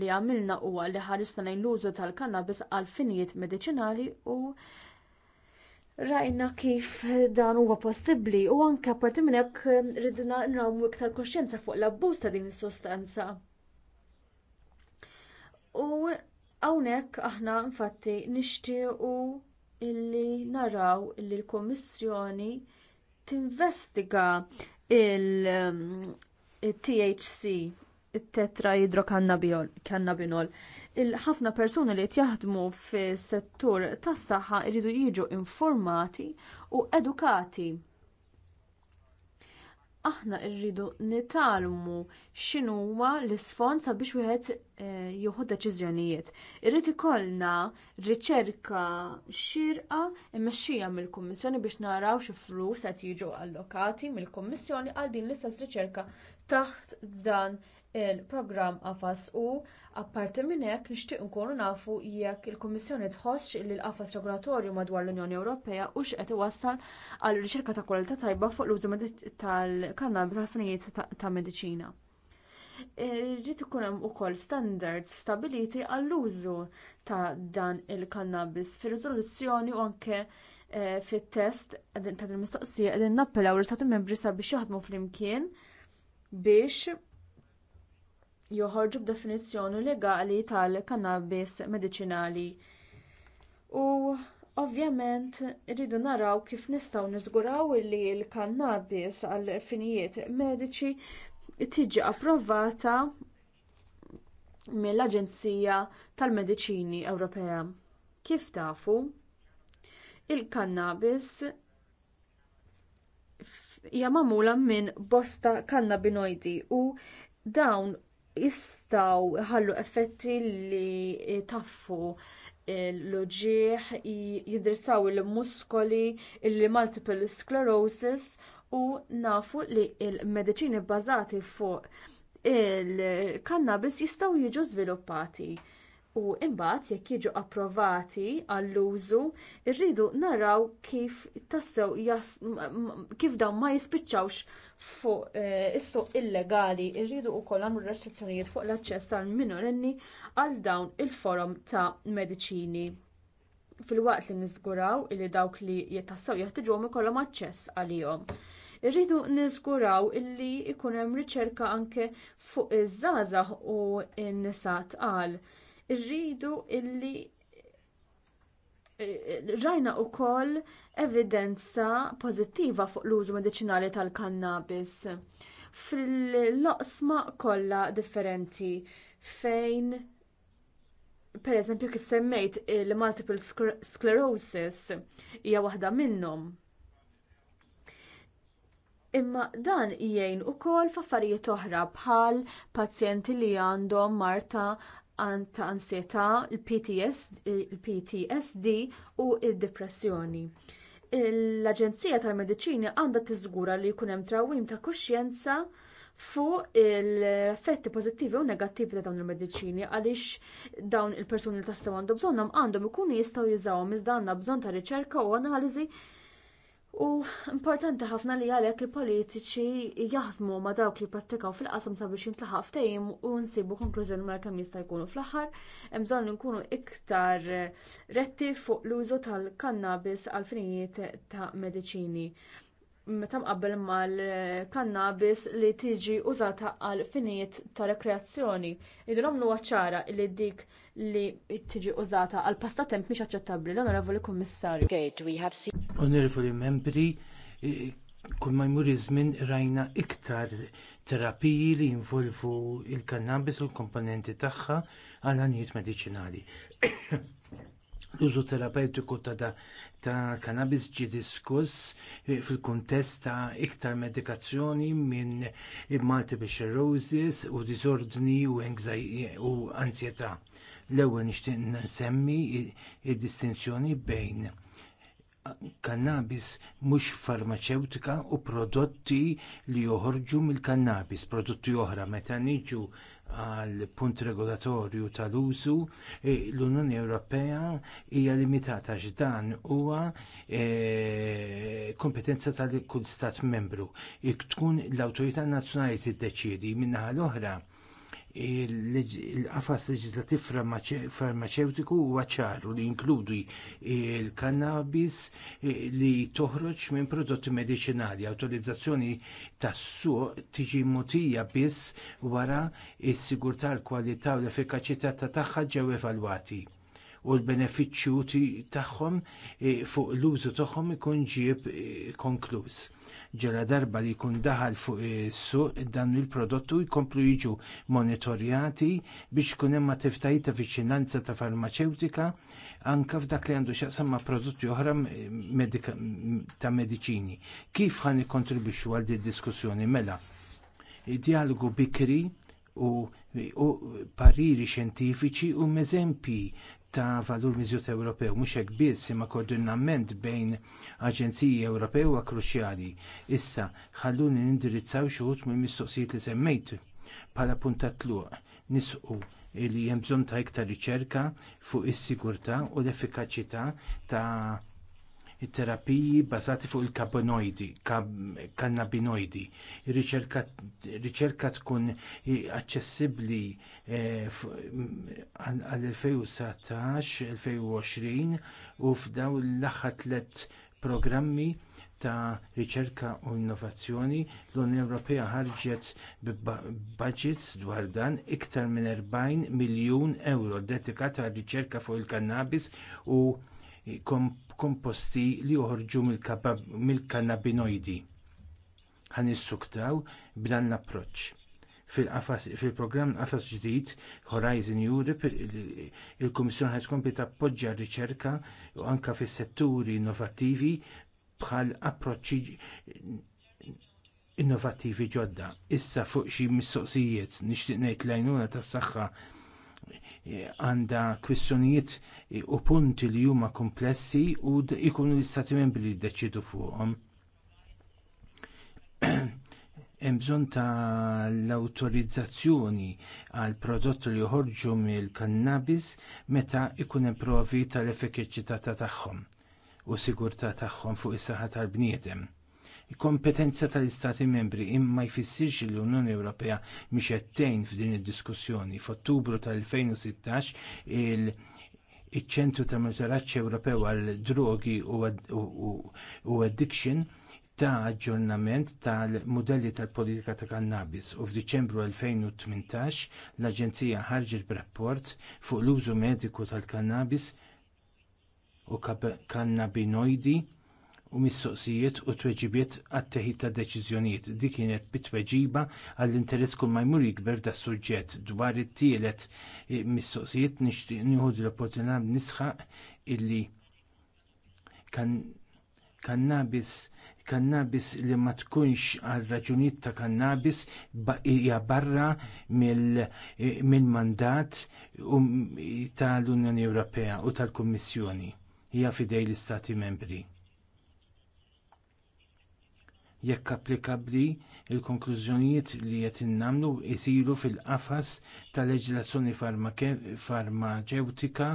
li għamilna huwa li ħarisna lejn l-użu tal-kannabis għal finijiet mediċinali u rajna kif dan huwa possibbli u anke apparti minn hekk eh, ridna nrawmu iktar kosċenza fuq l-abbuż ta' din is-sostanza. U hawnhekk aħna infatti nixtiequ illi naraw illi l komissjoni tinvestiga il-THC, um, il-tetraidrokannabinol. Il-ħafna persuni li jaħdmu fis settur tas saħħa jridu jiġu informati u edukati aħna rridu nitalmu huwa l-isfond sabiex wieħed eh, jieħu deċiżjonijiet. Irrid ikollna riċerka xirqa mmexxija mill-Kummissjoni biex naraw xi flus qed jiġu allokati mill-Kummissjoni għal din l-istess riċerka taħt dan il-programm AFAS u apparti minn hekk nixtieq nkunu nafu jekk il-Kummissjoni tħoss li l afas regolatorju madwar l-Unjoni Ewropea u x'qed iwassal għal riċerka ta' kwalità tajba fuq l-użu tal-kannabis tal finijiet ta' mediċina. Irrid ikun hemm ukoll standards stabiliti għall-użu ta' dan il-kannabis fir-riżoluzzjoni u anke eh, fit-test ta' il-mistoqsija qegħdin nappellaw l-istati membri sabiex jaħdmu flimkien biex joħorġu b'definizzjoni legali tal-kannabis mediċinali. U ovvjament rridu naraw kif nistgħu niżguraw li l-kannabis għal finijiet mediċi tiġi approvata mill-Aġenzija tal-Mediċini Ewropea. Kif tafu? Il-kannabis hija magħmula minn bosta kannabinoidi u dawn jistgħu ħallu effetti li taffu l-ġieħ jidrizzaw il-muskoli, il-multiple sclerosis u nafu li l mediċini bbażati fuq il-kannabis jistgħu jiġu żviluppati u imbagħad jekk jiġu approvati għall-użu, irridu naraw kif tassew jas, kif dawn ma jispiċċawx fuq eh, is-suq illegali, irridu wkoll għamlu restrizzjonijiet fuq l-aċċess tal-minorenni għal dawn il-forum ta' mediċini fil-waqt li niżguraw li dawk li jittassew jeħtiġuhom ikollhom aċċess għalihom. Irridu niżguraw illi jkun hemm riċerka anke fuq iż-żgħażagħ u n-nisa tqal. Irridu illi eh, rajna u koll evidenza pozittiva fuq l-użu medicinali tal-kannabis fil-loqsma kollha differenti fejn per eżempju kif semmejt il-multiple sclerosis hija waħda minnhom. Imma dan jgħin ukoll f'affarijiet oħra bħal pazjenti li għandhom marta ta' ansjetà, il-PTSD u d depressjoni L-Aġenzija tal-Mediċini għandha tiżgura li jkun hemm trawim ta' kuxjenza fuq l-effetti pożittivi u negattivi ta' dawn il-mediċini għaliex dawn il-persuni li tassew għandhom bżonnhom għandhom ikunu jistgħu jużawhom iżda għandna bżonn ta' riċerka u analiżi U importanti ħafna li għalhekk li politiċi jaħdmu ma dawk li prattikaw fil-qasam sabiex jintlaħaq ftehim u nsibu konklużjoni ma mela kemm jista' jkunu fl-aħħar hemm bżonn nkunu iktar retti fuq l-użu tal-kannabis għal finijiet ta' mediċini meta mqabbel mal-kannabis li tiġi użata għal finijiet ta' rekreazzjoni. Idu huwa ċara li dik li tiġi użata għal temp mhix aċċettabbli l-Onorevoli Kummissarju. Onorevoli membri, kull ma jmur iż-żmien rajna iktar terapiji li jinvolvu l kannabis u l-komponenti tagħha għal anijiet mediċinali. L-użu terapeutiku ta', da, ta kanabis ġi diskuss fil-kuntest ta' iktar medikazzjoni minn multiple sclerosis u disordni u, u L-ewwel nixtieq nsemmi id-distinzjoni bejn kannabis mhux farmaceutika u prodotti li joħorġu mill-kannabis, prodotti oħra meta niġu għal punt regolatorju tal-użu e, l-Unjoni Ewropea hija limitata x'dan huwa e, kompetenza tal-kull stat membru. Ik tkun l-Awtorità Nazzjonali tiddeċiedi min-naħa l-oħra il-qafas leġislattiv farmaceutiku huwa ċaru li jinkludi l kannabis eh, li toħroġ minn prodotti mediċinali. Awtorizzazzjoni tas-suq tiġi mutija biss wara s-sigurtà, l-kwalità u l-effikaċità ta' tagħha ġew evalwati u l-benefiċċju tagħhom eh, fuq l-użu tagħhom ikun ġieb eh, konkluż ġela darba li jkun daħal fuq is-suq dan il prodotti jkomplu jiġu monitorjati biex kun hemm attivitajiet ta' viċinanza ta' farmaceutika anke f'dak li għandu x'aqsam ma' prodotti oħra ta' mediċini. Kif ħan ikkontribwixxu għal din diskussjoni mela? Dialogu bikri u, u pariri xjentifiċi u meżempji ta' valur miżjut Ewropew, mhux hekk biss imma koordinament bejn aġenziji Ewropew huwa kruċjali. Issa, ħalluni nindirizzaw xi wħud mill-mistoqsijiet li semmejt bħala puntat tluq nisqu li hemm bżonn ta' iktar riċerka fuq is-sigurtà u l-effikaċità ta' it terapiji bazati fuq il-kabonoidi, kannabinoidi. Riċerka tkun aċċessibbli eh, għal-2019-2020 u f'daw l-aħħar tliet programmi ta' riċerka u innovazzjoni l-Unjoni Ewropea ħarġet budgets dwar dan iktar minn 40 miljun euro dedikata għal riċerka fuq il-kannabis u komposti li joħorġu mill-kannabinoidi. Ħan suktaw b'dan l-approċ. Fil-programm qafas ġdid Horizon Europe il-Kummissjoni ħad kompli tappoġġa r-riċerka u anke fis-setturi innovattivi bħal approċċi innovattivi ġodda. Issa fuq xi mistoqsijiet nixtieq ngħid l-għajnuna tas-saħħa Eh, għandha kwistjonijiet eh, u punti li huma komplessi u jkunu l-istati membri li jiddeċidu fuqhom. Hemm bżonn tal-awtorizzazzjoni għal prodotti li joħorġu mill-kannabis meta jkun hemm provi tal-effekkiċità tagħhom u sigurtà tagħhom fuq is-saħħa tal-bniedem kompetenza tal-Istati membri imma jfissirx l-Unjoni Ewropea miex għettejn f'din id-diskussjoni. F'Ottubru tal-2016 il-ċentru tal monitoraġġ Ewropew għal drogi u addiction ta' aġġornament tal-modelli tal-politika ta' kannabis u f'Diċembru 2018 l-Aġenzija ħarġet b'rapport fuq l-użu mediku tal-kannabis u kannabinoidi u mistoqsijiet u tweġibiet għat-teħid ta' deċiżjonijiet. Di kienet bitweġiba għall-interess kull ma jmur jikber f'da' suġġett dwar it-tielet mistoqsijiet nixtieq nieħu l-opportunità nisħaq illi kan kannabis kannabis li ma tkunx għal raġunijiet ta' kannabis hija barra mill-mandat tal-Unjoni Ewropea u tal-Kummissjoni hija fidej l-Istati membri jekk applikabbli il-konklużjonijiet li qed innamlu jsiru fil-qafas ta' leġislazzjoni farmaceutika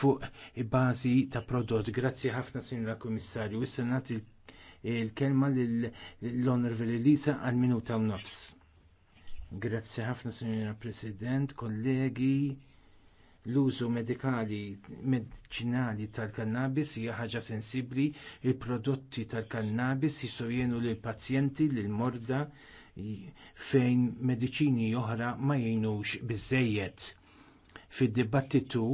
fuq bażi ta' prodott. Grazzi ħafna Sinjura Kummissarju. Issa nagħti l-kelma lill-Onorevoli Elisa għal minuta u nofs. Grazzi ħafna Sinjura President, kollegi l-użu medikali medicinali tal-kannabis hija ħaġa sensibbli, il-prodotti tal-kannabis jisojjenu lil pazjenti lil morda fejn mediċini oħra ma jgħinux biżżejjed. Fid-dibattitu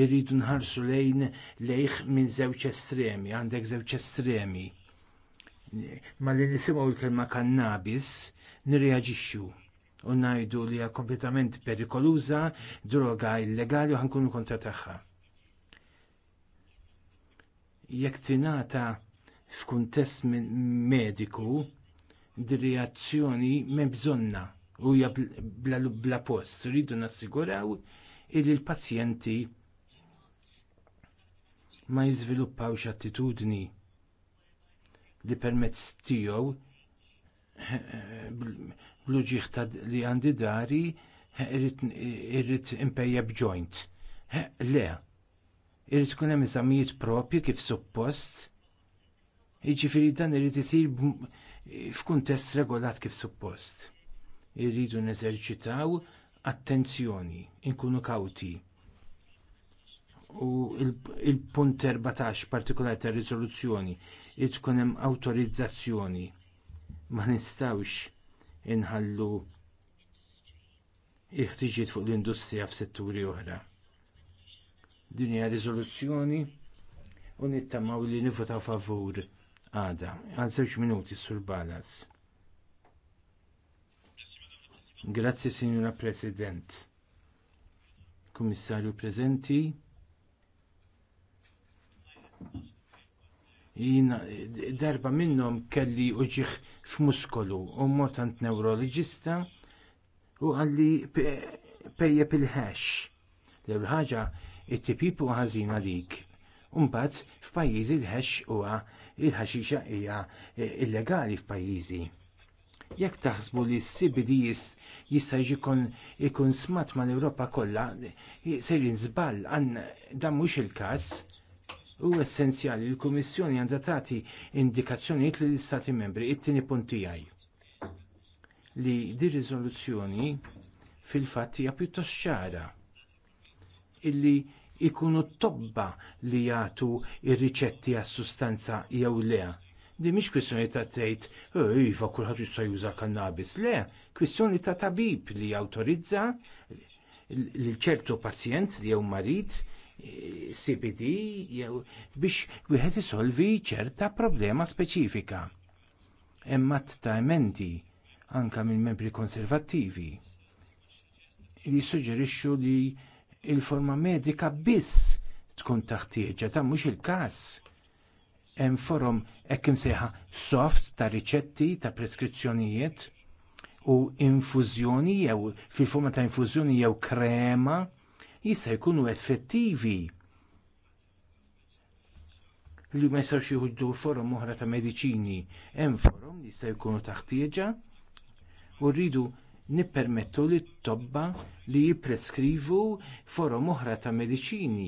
jridu nħarsu lejn lejh minn żewġ estremi, għandek żewġ estremi. Ma li nisimgħu l-kelma kannabis nirreaġixxu u najdu li hija kompletament perikoluża, droga illegali u ħankunu kontra tagħha. Jekk tingħata f'kuntest mediku, dir-reazzjoni me bżonna u hija bla, bla post, rridu nassiguraw illi l-pazjenti ma jiżviluppawx attitudni li permezz tiegħu bluġiħ li għandi dari irrit impejja bġoint. Le, irrit kun hemm propju kif suppost. Jiġifieri dan irrit isir f'kuntest regolat kif suppost. Irridu neżerċitaw attenzjoni, inkunu kawti. U il-punt 14 partikolari ta' riżoluzzjoni, irrit tkun hemm awtorizzazzjoni ma nistawx inħallu iħtiġiet fuq l-industrija f'setturi oħra. Din hija riżoluzzjoni u nittamaw li nifuta favur għada għal żewġ minuti sur balas. Grazzi Signora President. Komissarju prezenti. Jina darba minnhom kelli uġiħ f'muskolu u mortant neurologista u għalli pejjeb il-ħax. L-ewwel ħaġa it tipipu huwa ħażin għalik. mbagħad f'pajjiżi l-ħex huwa il-ħaxixa hija e, illegali f'pajjiżi. Jekk taħsbu li s-CBD jista' jkun smat mal-Ewropa kollha, sejrin żball għan dan mhux il-każ u essenzjali li l-Kummissjoni għandha tagħti indikazzjonijiet lill istati membri it-tieni punt tiegħi li di riżoluzzjoni fil-fatt hija pjuttost ċara illi ikunu tobba li jagħtu r riċetti għas-sustanza jew le. Di mhix kwistjoni ta' tgħid, eh, iva kulħadd jista' juża kannabis, le, kwistjoni ta' tabib li jawtorizza l ċertu pazjent jew marit CPD jew biex wieħed isolvi ċerta problema speċifika. Imma ta' emendi anke minn membri konservattivi li suġġerixxu li il-forma medika biss tkun taħtieġa ta' mhux il-każ. Hemm forom hekk imsejħa soft ta' riċetti ta' preskrizzjonijiet u infużjoni jew fil-forma ta' infużjoni jew krema jista' jkunu effettivi li ma jistgħux jieħdu forum oħra ta' mediċini hemm forum li jista' jkunu taħtieġa u rridu nippermettu li t-tobba li jippreskrivu forum oħra ta' mediċini.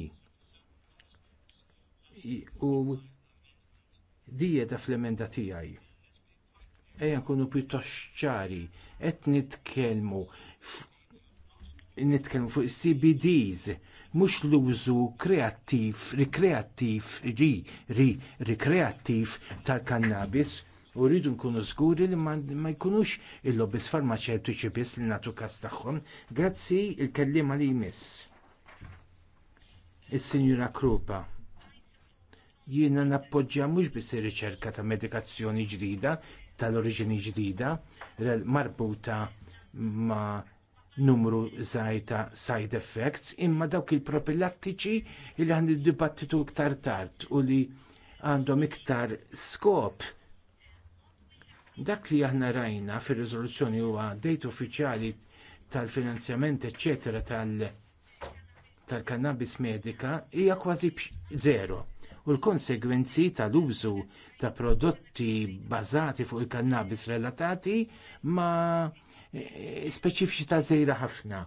U dije fl-emenda tiegħi. Ejja nkunu pjuttost ċari, qed nitkellmu nitkellmu fuq CBDs mhux l-użu kreattiv, rikreattiv, ri, ri, rikreattiv tal-kannabis u rridu nkunu żguri li ma jkunux il-lobbis farmaceutiċi biss li nagħtu każ tagħhom. Grazzi il-kellima li jmiss. Is-Sinjura Krupa. Jiena nappoġġja mhux biss ir-riċerka ta' medikazzjoni ġdida tal-oriġini ġdida marbuta ma' numru zaħir ta' side effects, imma dawk il-propilattiċi li għan id-dibattitu iktar tard u li għandhom iktar skop. Dak li aħna rajna fir riżoluzzjoni huwa dejt uffiċjali tal-finanzjament, eccetera, tal-kannabis tal medika hija kważi zero u l-konsegwenzi tal-użu ta' prodotti bażati fuq il-kannabis relatati ma' ta' żejra ħafna.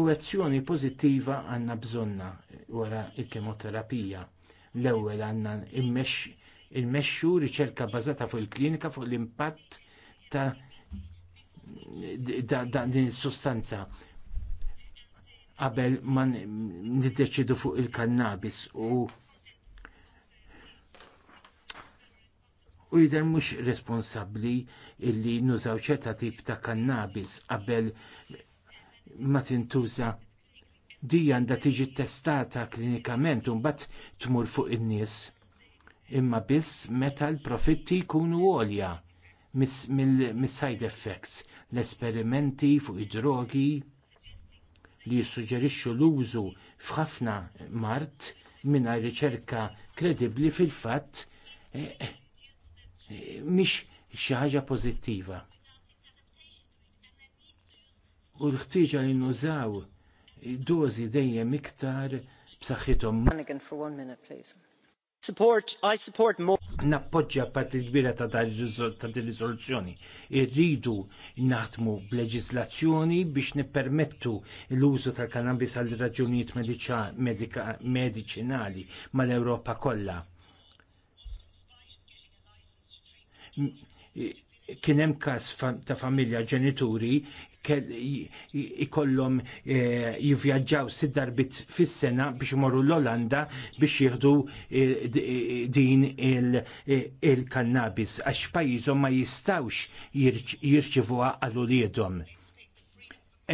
U azzjoni pożittiva għandna bżonna wara l kemoterapija L-ewwel għandna mesċu riċerka bazata fuq il-klinika fuq l-impatt ta' din is-sustanza qabel ma niddeċidu fuq il-kannabis u u jidher mhux responsabbli illi nużaw ċerta tip ta' kannabis qabel ma tintuża di għandha tiġi testata klinikament u mbagħad tmur fuq in-nies. Imma biss meta l-profitti jkunu għolja mis-side effects, l-esperimenti fuq id-drogi li jissuġġerixxu l-użu f'ħafna mart mingħajr riċerka kredibbli fil-fatt eh, eh mhix xi ħaġa pożittiva. U l-ħtieġa li nużaw dożi dejjem iktar b'saħħithom. Support, I support more. Nappoġġja parti kbira ta' din riżoluzzjoni. Irridu naħdmu b'leġislazzjoni biex nippermettu l-użu tal-kannabis għal raġunijiet mediċinali mal-Ewropa kollha kien hemm każ ta' familja ġenituri ikollhom eh, jivvjaġġaw sid darbit fis-sena biex imorru l-Olanda biex jieħdu eh, eh, din il-kannabis għax pajjiżhom ma jistawx jirċivuha għal uliedhom.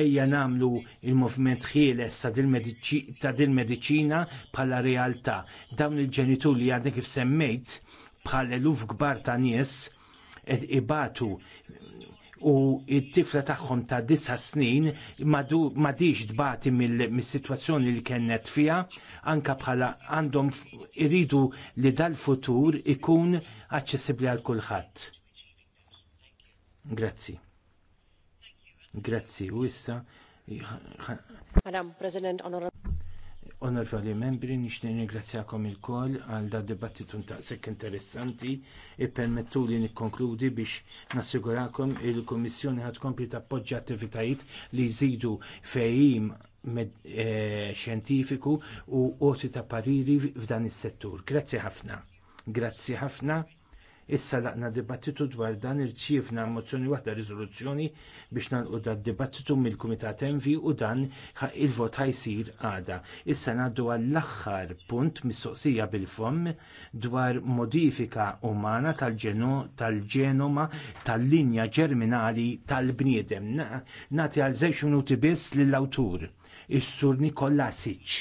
Ejja namlu il-movement ħieles ta' dil mediċina bħala realtà. Dawn il-ġenituri għadni kif semmejt bħal eluf kbar ta' nies ibatu u it-tifla tagħhom ta' disa snin ma diġ dbati mis-sitwazzjoni li kienet fija anka bħala għandhom iridu li dal-futur ikun aċċessibbli għal kulħadd. Grazzi. Grazzi, u issa. Madam President, Honorable Onorvali membri, nixni ringrazzjakom il-koll għal da dibattitu ntaqsek interessanti i permettu li nikkonkludi biex nassigurakom il-Komissjoni ħad kompli tappoġġja attivitajiet li jżidu fejim eh, xjentifiku u oti ta' pariri f'dan is-settur. Grazzi ħafna. Grazzi ħafna. Issa laqna dibattitu dwar dan irċievna mozzjoni waħda riżoluzzjoni biex nanqu da dibattitu mill-Kumitat Envi u dan il-vot ħajsir għada. Issa naddu għall-aħħar punt mistoqsija bil-fom dwar modifika umana tal-ġenoma tal-linja ġerminali tal-bniedem. Nati għal żewġ minuti biss lill-awtur, is-sur Sic.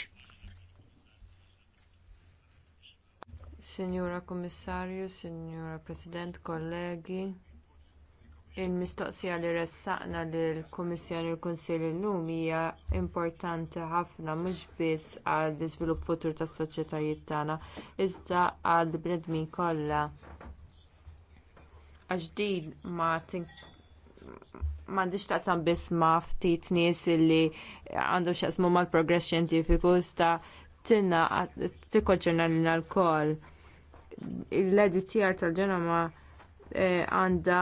Signora Kommissarju, Signora President, kollegi, il-mistoqsija li ressaqna lill kummissjoni u l-Konsil il-lum hija importanti ħafna mhux biss għall iżvilupp futur tas-soċjetajiet tagħna, iżda għall bnedmin kollha. Għax din ma m'għandix taqsam biss ma' ftit nies li għandhom x'jaqsmu mal-progress xjentifiku iżda tinna tikkonċerna lilna l il-ledi tijar tal-ġenoma eh, għandha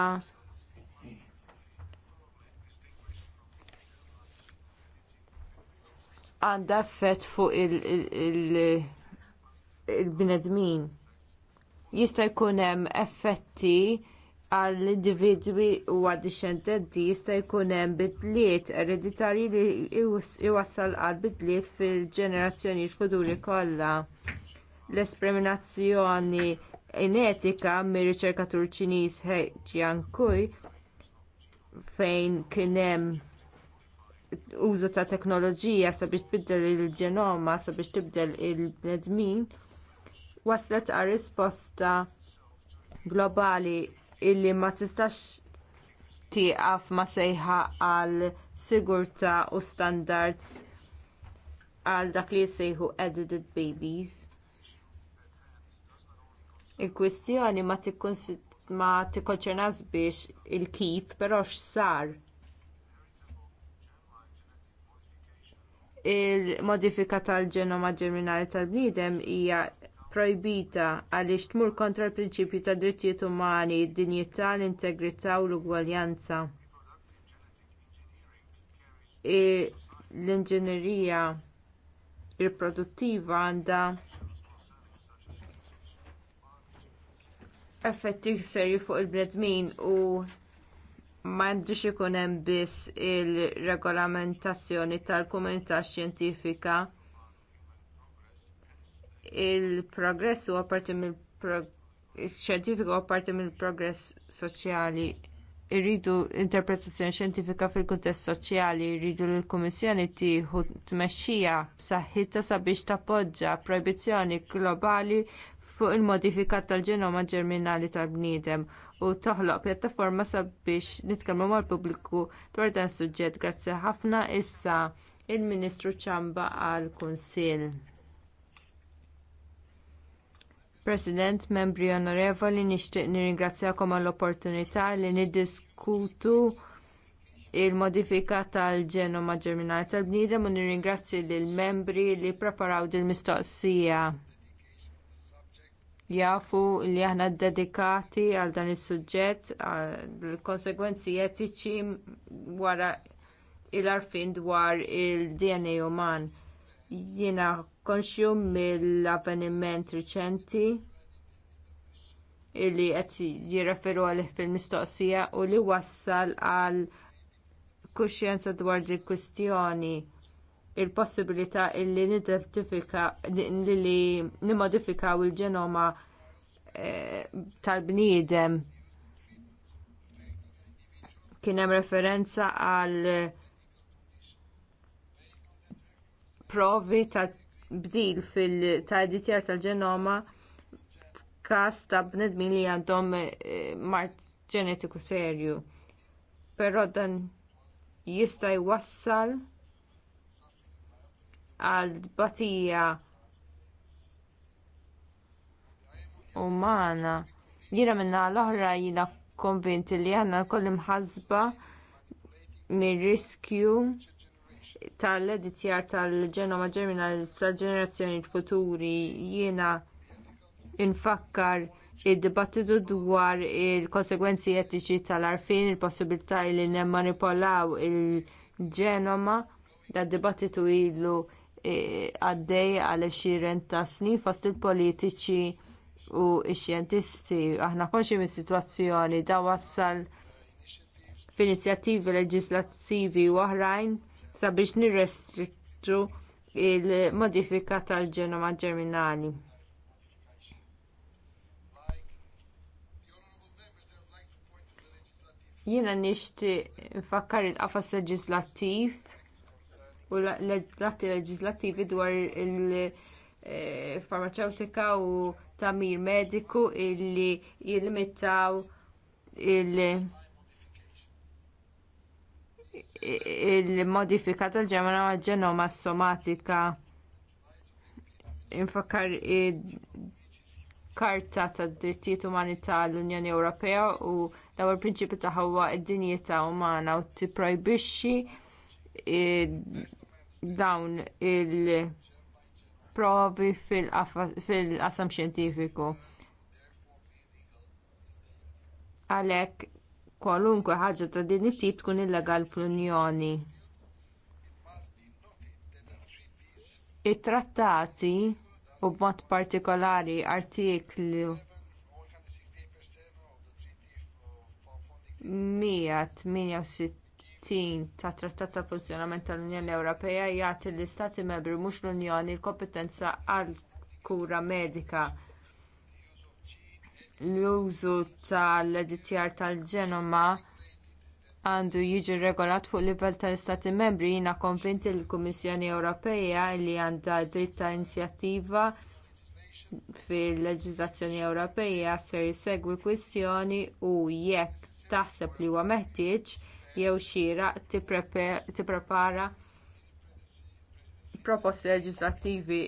għandha effett fuq il-bnedmin. Jista' jkun hemm effetti għall individwi u għad-discendenti jista' jkun hemm bidliet ereditarji li jwassal għal bidliet fil-ġenerazzjonijiet futuri kollha l esperimentazzjoni enetika mir riċerkatur Ċiniż He Jiankui fejn kien hemm użu ta' teknoloġija sabiex tbiddel il-ġenoma sabiex tibdel il-bnedmin waslet għal risposta globali illi ma tistax tieqaf ma sejħa għal sigurtà u standards għal dak li jsejħu edited babies. Il-kwistjoni ma ma tikkonċernas biex il-kif, però x'sar. Il-modifika tal-ġenoma ġerminali tal-bniedem hija projbita għaliex tmur kontra l-prinċipju tad drittijiet umani, dinjità l-integrità u l-ugwaljanza. L-inġinerija riproduttiva għandha effetti serju fuq il-bredmin u m'għandux ikun hemm biss il-regolamentazzjoni tal-komunità xjentifika il-progress huwa parti mill-xjentifiku u parti mill-progress soċjali irridu interpretazzjoni xjentifika fil-kuntest soċjali jridu li l-Kummissjoni tieħu tmexxija b'saħħitha sabiex tappoġġja projbizzjoni globali fuq il-modifika tal-ġenoma ġerminali tal-bniedem u toħloq pjattaforma sabiex nitkellmu mal-pubbliku dwar dan is-suġġett. Grazzi ħafna issa il-Ministru Ċamba għall kunsill President, membri onorevoli, nixtieq nirringrazzjakom għall-opportunità li niddiskutu l modifika tal-ġenoma ġerminali tal-bniedem u nirringrazzja lill membri li preparaw din mistoqsija jafu li aħna dedikati għal dan is-suġġett l konsegwenzi etiċi wara l-għarfien dwar il-DNA uman. Jiena konxju mill-avveniment riċenti illi qed jirreferu għalih fil-mistoqsija u li wassal għal kuxjenza dwar il kwistjoni il-possibilità illi nidentifika li nimodifikaw il-ġenoma eh, tal-bniedem kien hemm referenza għal provi ta' bdil fil editjar tal-ġenoma f'każ ta' bnedmin li għandhom eh, mart ġenetiku serju. Però dan jista' jwassal għal batija umana. Jiena minna l-oħra jiena konvinti li għandna kollim ħazba mir-riskju tal-editjar tal-ġenoma ġermina tal-ġenerazzjoni futuri jiena infakkar id-dibattitu dwar il-konsegwenzi etiċi tal-arfin, il-possibilità li nemmanipolaw il-ġenoma, da dibattitu ilu E, għaddej għal xiren ta' snin fost il-politiċi u x-xjentisti. Aħna konxi minn situazzjoni da' wassal f'inizjattivi leġislattivi u oħrajn sabiex nirrestrittu il-modifika tal-ġenoma ġerminali. Jiena nixtieq nfakkar il-qafas leġislattiv u l-atti leġislattivi dwar il-farmaceutika eh, u tamir mediku illi jillimitaw il-modifika tal-ġemana ġenoma somatika il karta tad drittijiet umani tal-Unjoni Ewropea u l-ewwel prinċipju tagħha id d-dinjità umana u tipprojbixxi dawn il-provi fil-qasam xjentifiku. Għalhekk kwalunkwe ħaġa ta' din it-tip tkun illegal fl-Unjoni. It-trattati u b'mod partikolari artiklu 168 60 tat Trattat tal Funzjonament tal-Unjoni Ewropea jagħti l-Istati Membri mhux l-Unjoni l-kompetenza għal kura medika l-użu tal-editjar tal-ġenoma għandu jiġi regolat fuq livell tal-Istati Membri jiena konvinti li l kummissjoni Ewropea li għandha dritt ta' inizjattiva fil-leġiżlazzjoni Ewropea ser jsegwi l-kwistjoni u jekk taħseb li huwa meħtieġ jew xieraq tipprepara proposti leġislattivi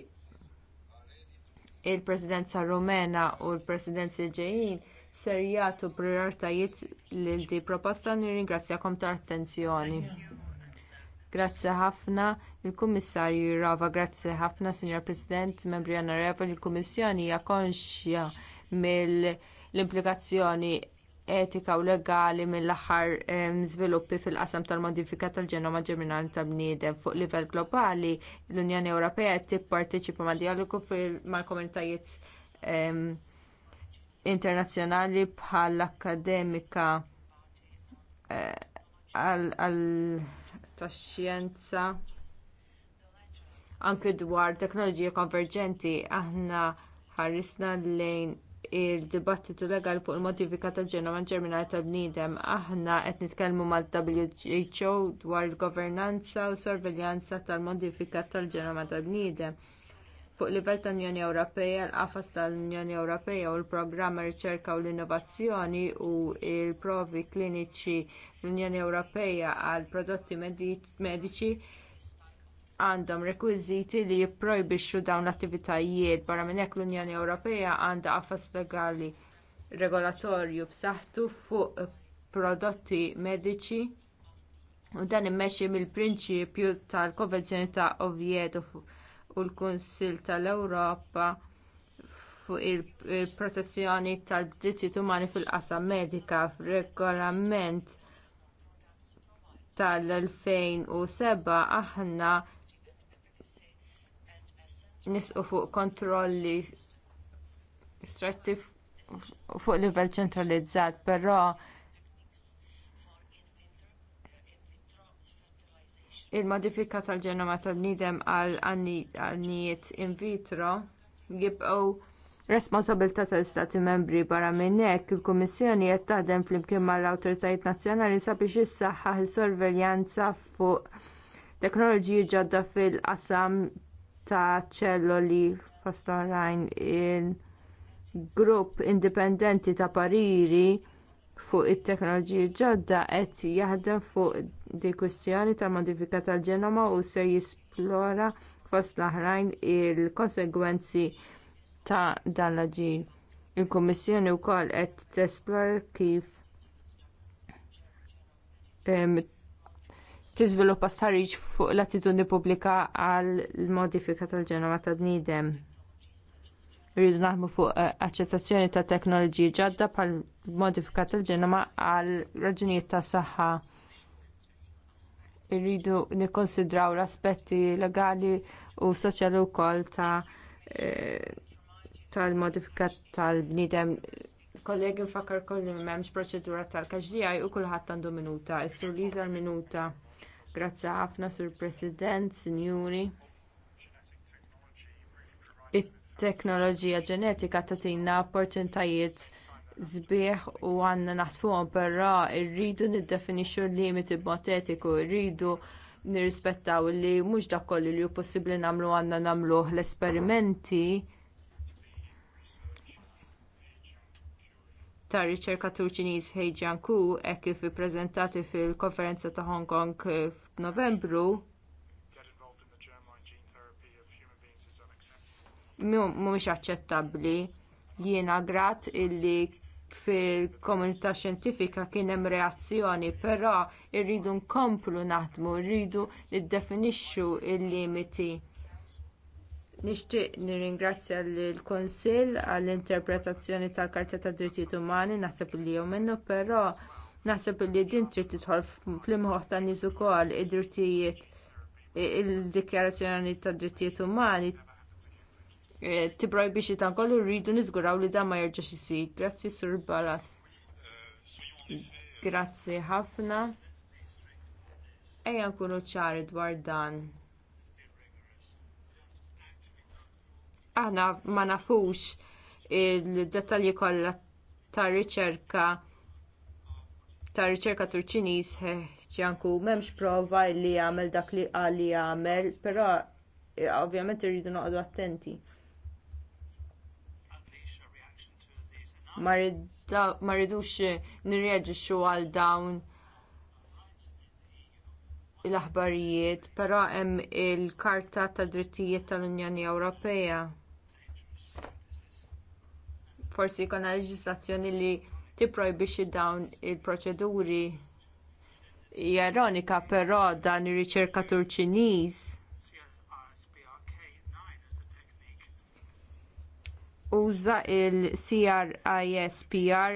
il-presidenza rumena u l-presidenzi ġejjin ser jagħtu prijoritajiet lil di proposta nirringrazzjakom tal-attenzjoni. Grazzi ħafna il-Kummissarju Jirova, grazzi ħafna Sinjor President, membri onorevoli, il-Kummissjoni hija konxja mill-implikazzjoni etika u legali mill-aħħar żviluppi fil-qasam tal-modifika tal-ġenoma ġeminali tal bniedem fuq livell globali, l-Unjoni Ewropea qed tipparteċipa ma' dialogu mal-komunitajiet internazzjonali bħall-akademika eh, għal tax-xjenza anke dwar teknoloġija konverġenti aħna ħarisna lejn il-dibattitu legali fuq il-modifika tal ġenoma ġerminali tal-bniedem. Aħna qed nitkellmu mal-WHO dwar il-governanza u sorveljanza tal-modifika tal-ġenoma tal-bniedem. Fuq livell tal-Unjoni Ewropea, l-qafas tal-Unjoni Ewropea u l-programma riċerka u l-innovazzjoni u l provi kliniċi l-Unjoni Ewropea għal prodotti mediċi għandhom rekwiżiti li jipprojbixxu dawn l-attivitajiet barra minn hekk l-Unjoni Ewropea għandha qafas legali regolatorju b'saħħtu fuq prodotti mediċi u dan immexxi mill-prinċipju tal-Konvenzjoni ta' Oviedo u l-Kunsill tal-Ewropa fuq il-protezzjoni tad-drittijiet umani fil-qasam medika f'regolament tal-2007 aħna nisqu fuq kontrolli stretti fuq livell ċentralizzat, però il-modifika tal-ġenoma tal-nidem għal għannijiet in vitro jibqgħu responsabilità tal-Stati membri barra minn hekk il-Kummissjoni qed taħdem flimkien mal-awtoritajiet nazzjonali sabiex issaħħaħ is-sorveljanza fuq teknoloġiji ġodda fil-qasam ta' ċelloli fost oħrajn il-grupp indipendenti ta' pariri fuq it-teknoloġiji ġodda qed jaħdem fuq di kwistjoni ta' modifika tal-ġenoma u se jisplora fost l-oħrajn il-konsegwenzi ta' dan l-aġir. Il-Kummissjoni wkoll qed tesplora kif tiżviluppa sarriġ fuq l-attitudni pubblika għall modifika tal-ġenoma ta' bniedem. Rridu naħdmu fuq eh, aċċettazzjoni ta' teknoloġiji ġodda bħal modifika tal-ġenoma għal raġunijiet ta' saħħa. Irridu nikkonsidraw l-aspetti legali u soċjali wkoll ta' eh, tal-modifika tal-bniedem kollegi nfakkar kollu m'hemmx proċedura tal-kaġlijaj u kulħadd għandu minuta, issu liża l minuta. Grazzi ħafna, Sur President, Sinjuri. It-teknoloġija ġenetika tagħtina opportunitajiet sbieħ u għandna naħtfuhom però rridu niddefinixxu l-limiti b'mod etiku, rridu nirrispettaw li mhux dak kollu li hu possibbli nagħmlu għandna nagħmluh l-esperimenti tar riċerkatur Ċiniż He Ku hekk kif ippreżentati fil-konferenza ta' Hong Kong eh, f'Novembru mhumiex aċċettabbli. Jiena grat illi fil-komunità xjentifika kien hemm reazzjoni, però rridu nkomplu naħdmu, rridu niddefinixxu il-limiti Nixtieq nirringrazzja lill kunsill għall-interpretazzjoni tal-Karta tad Drittijiet Umani naħseb li jew minnu, però naħseb li din trid tidħol fl-imħoħ tan nies ukoll id-drittijiet il-dikjarazzjoni tad drittijiet umani eh, tibrojbixi ta' kollu rridu niżguraw li dan ma jerġax isir. Grazzi Sur Balas. Grazzi ħafna. Ejja nkunu ċari dwar dan. aħna ma nafux il-dettalji kollha tar-riċerka ta' riċerka Turċiniż ċanku m'hemmx prova li jagħmel dak li qal li jagħmel, però eh, ovvjament irridu noqogħdu attenti. Ma rridux eh, nirreġixxu għal dawn l-aħbarijiet, però hemm il-Karta tad Drittijiet tal-Unjoni Ewropea forsi jkollna leġislazzjoni li tipprojbixxi dawn il-proċeduri hija ironika però dan ir-riċerkatur Ċiniż uża il-CRISPR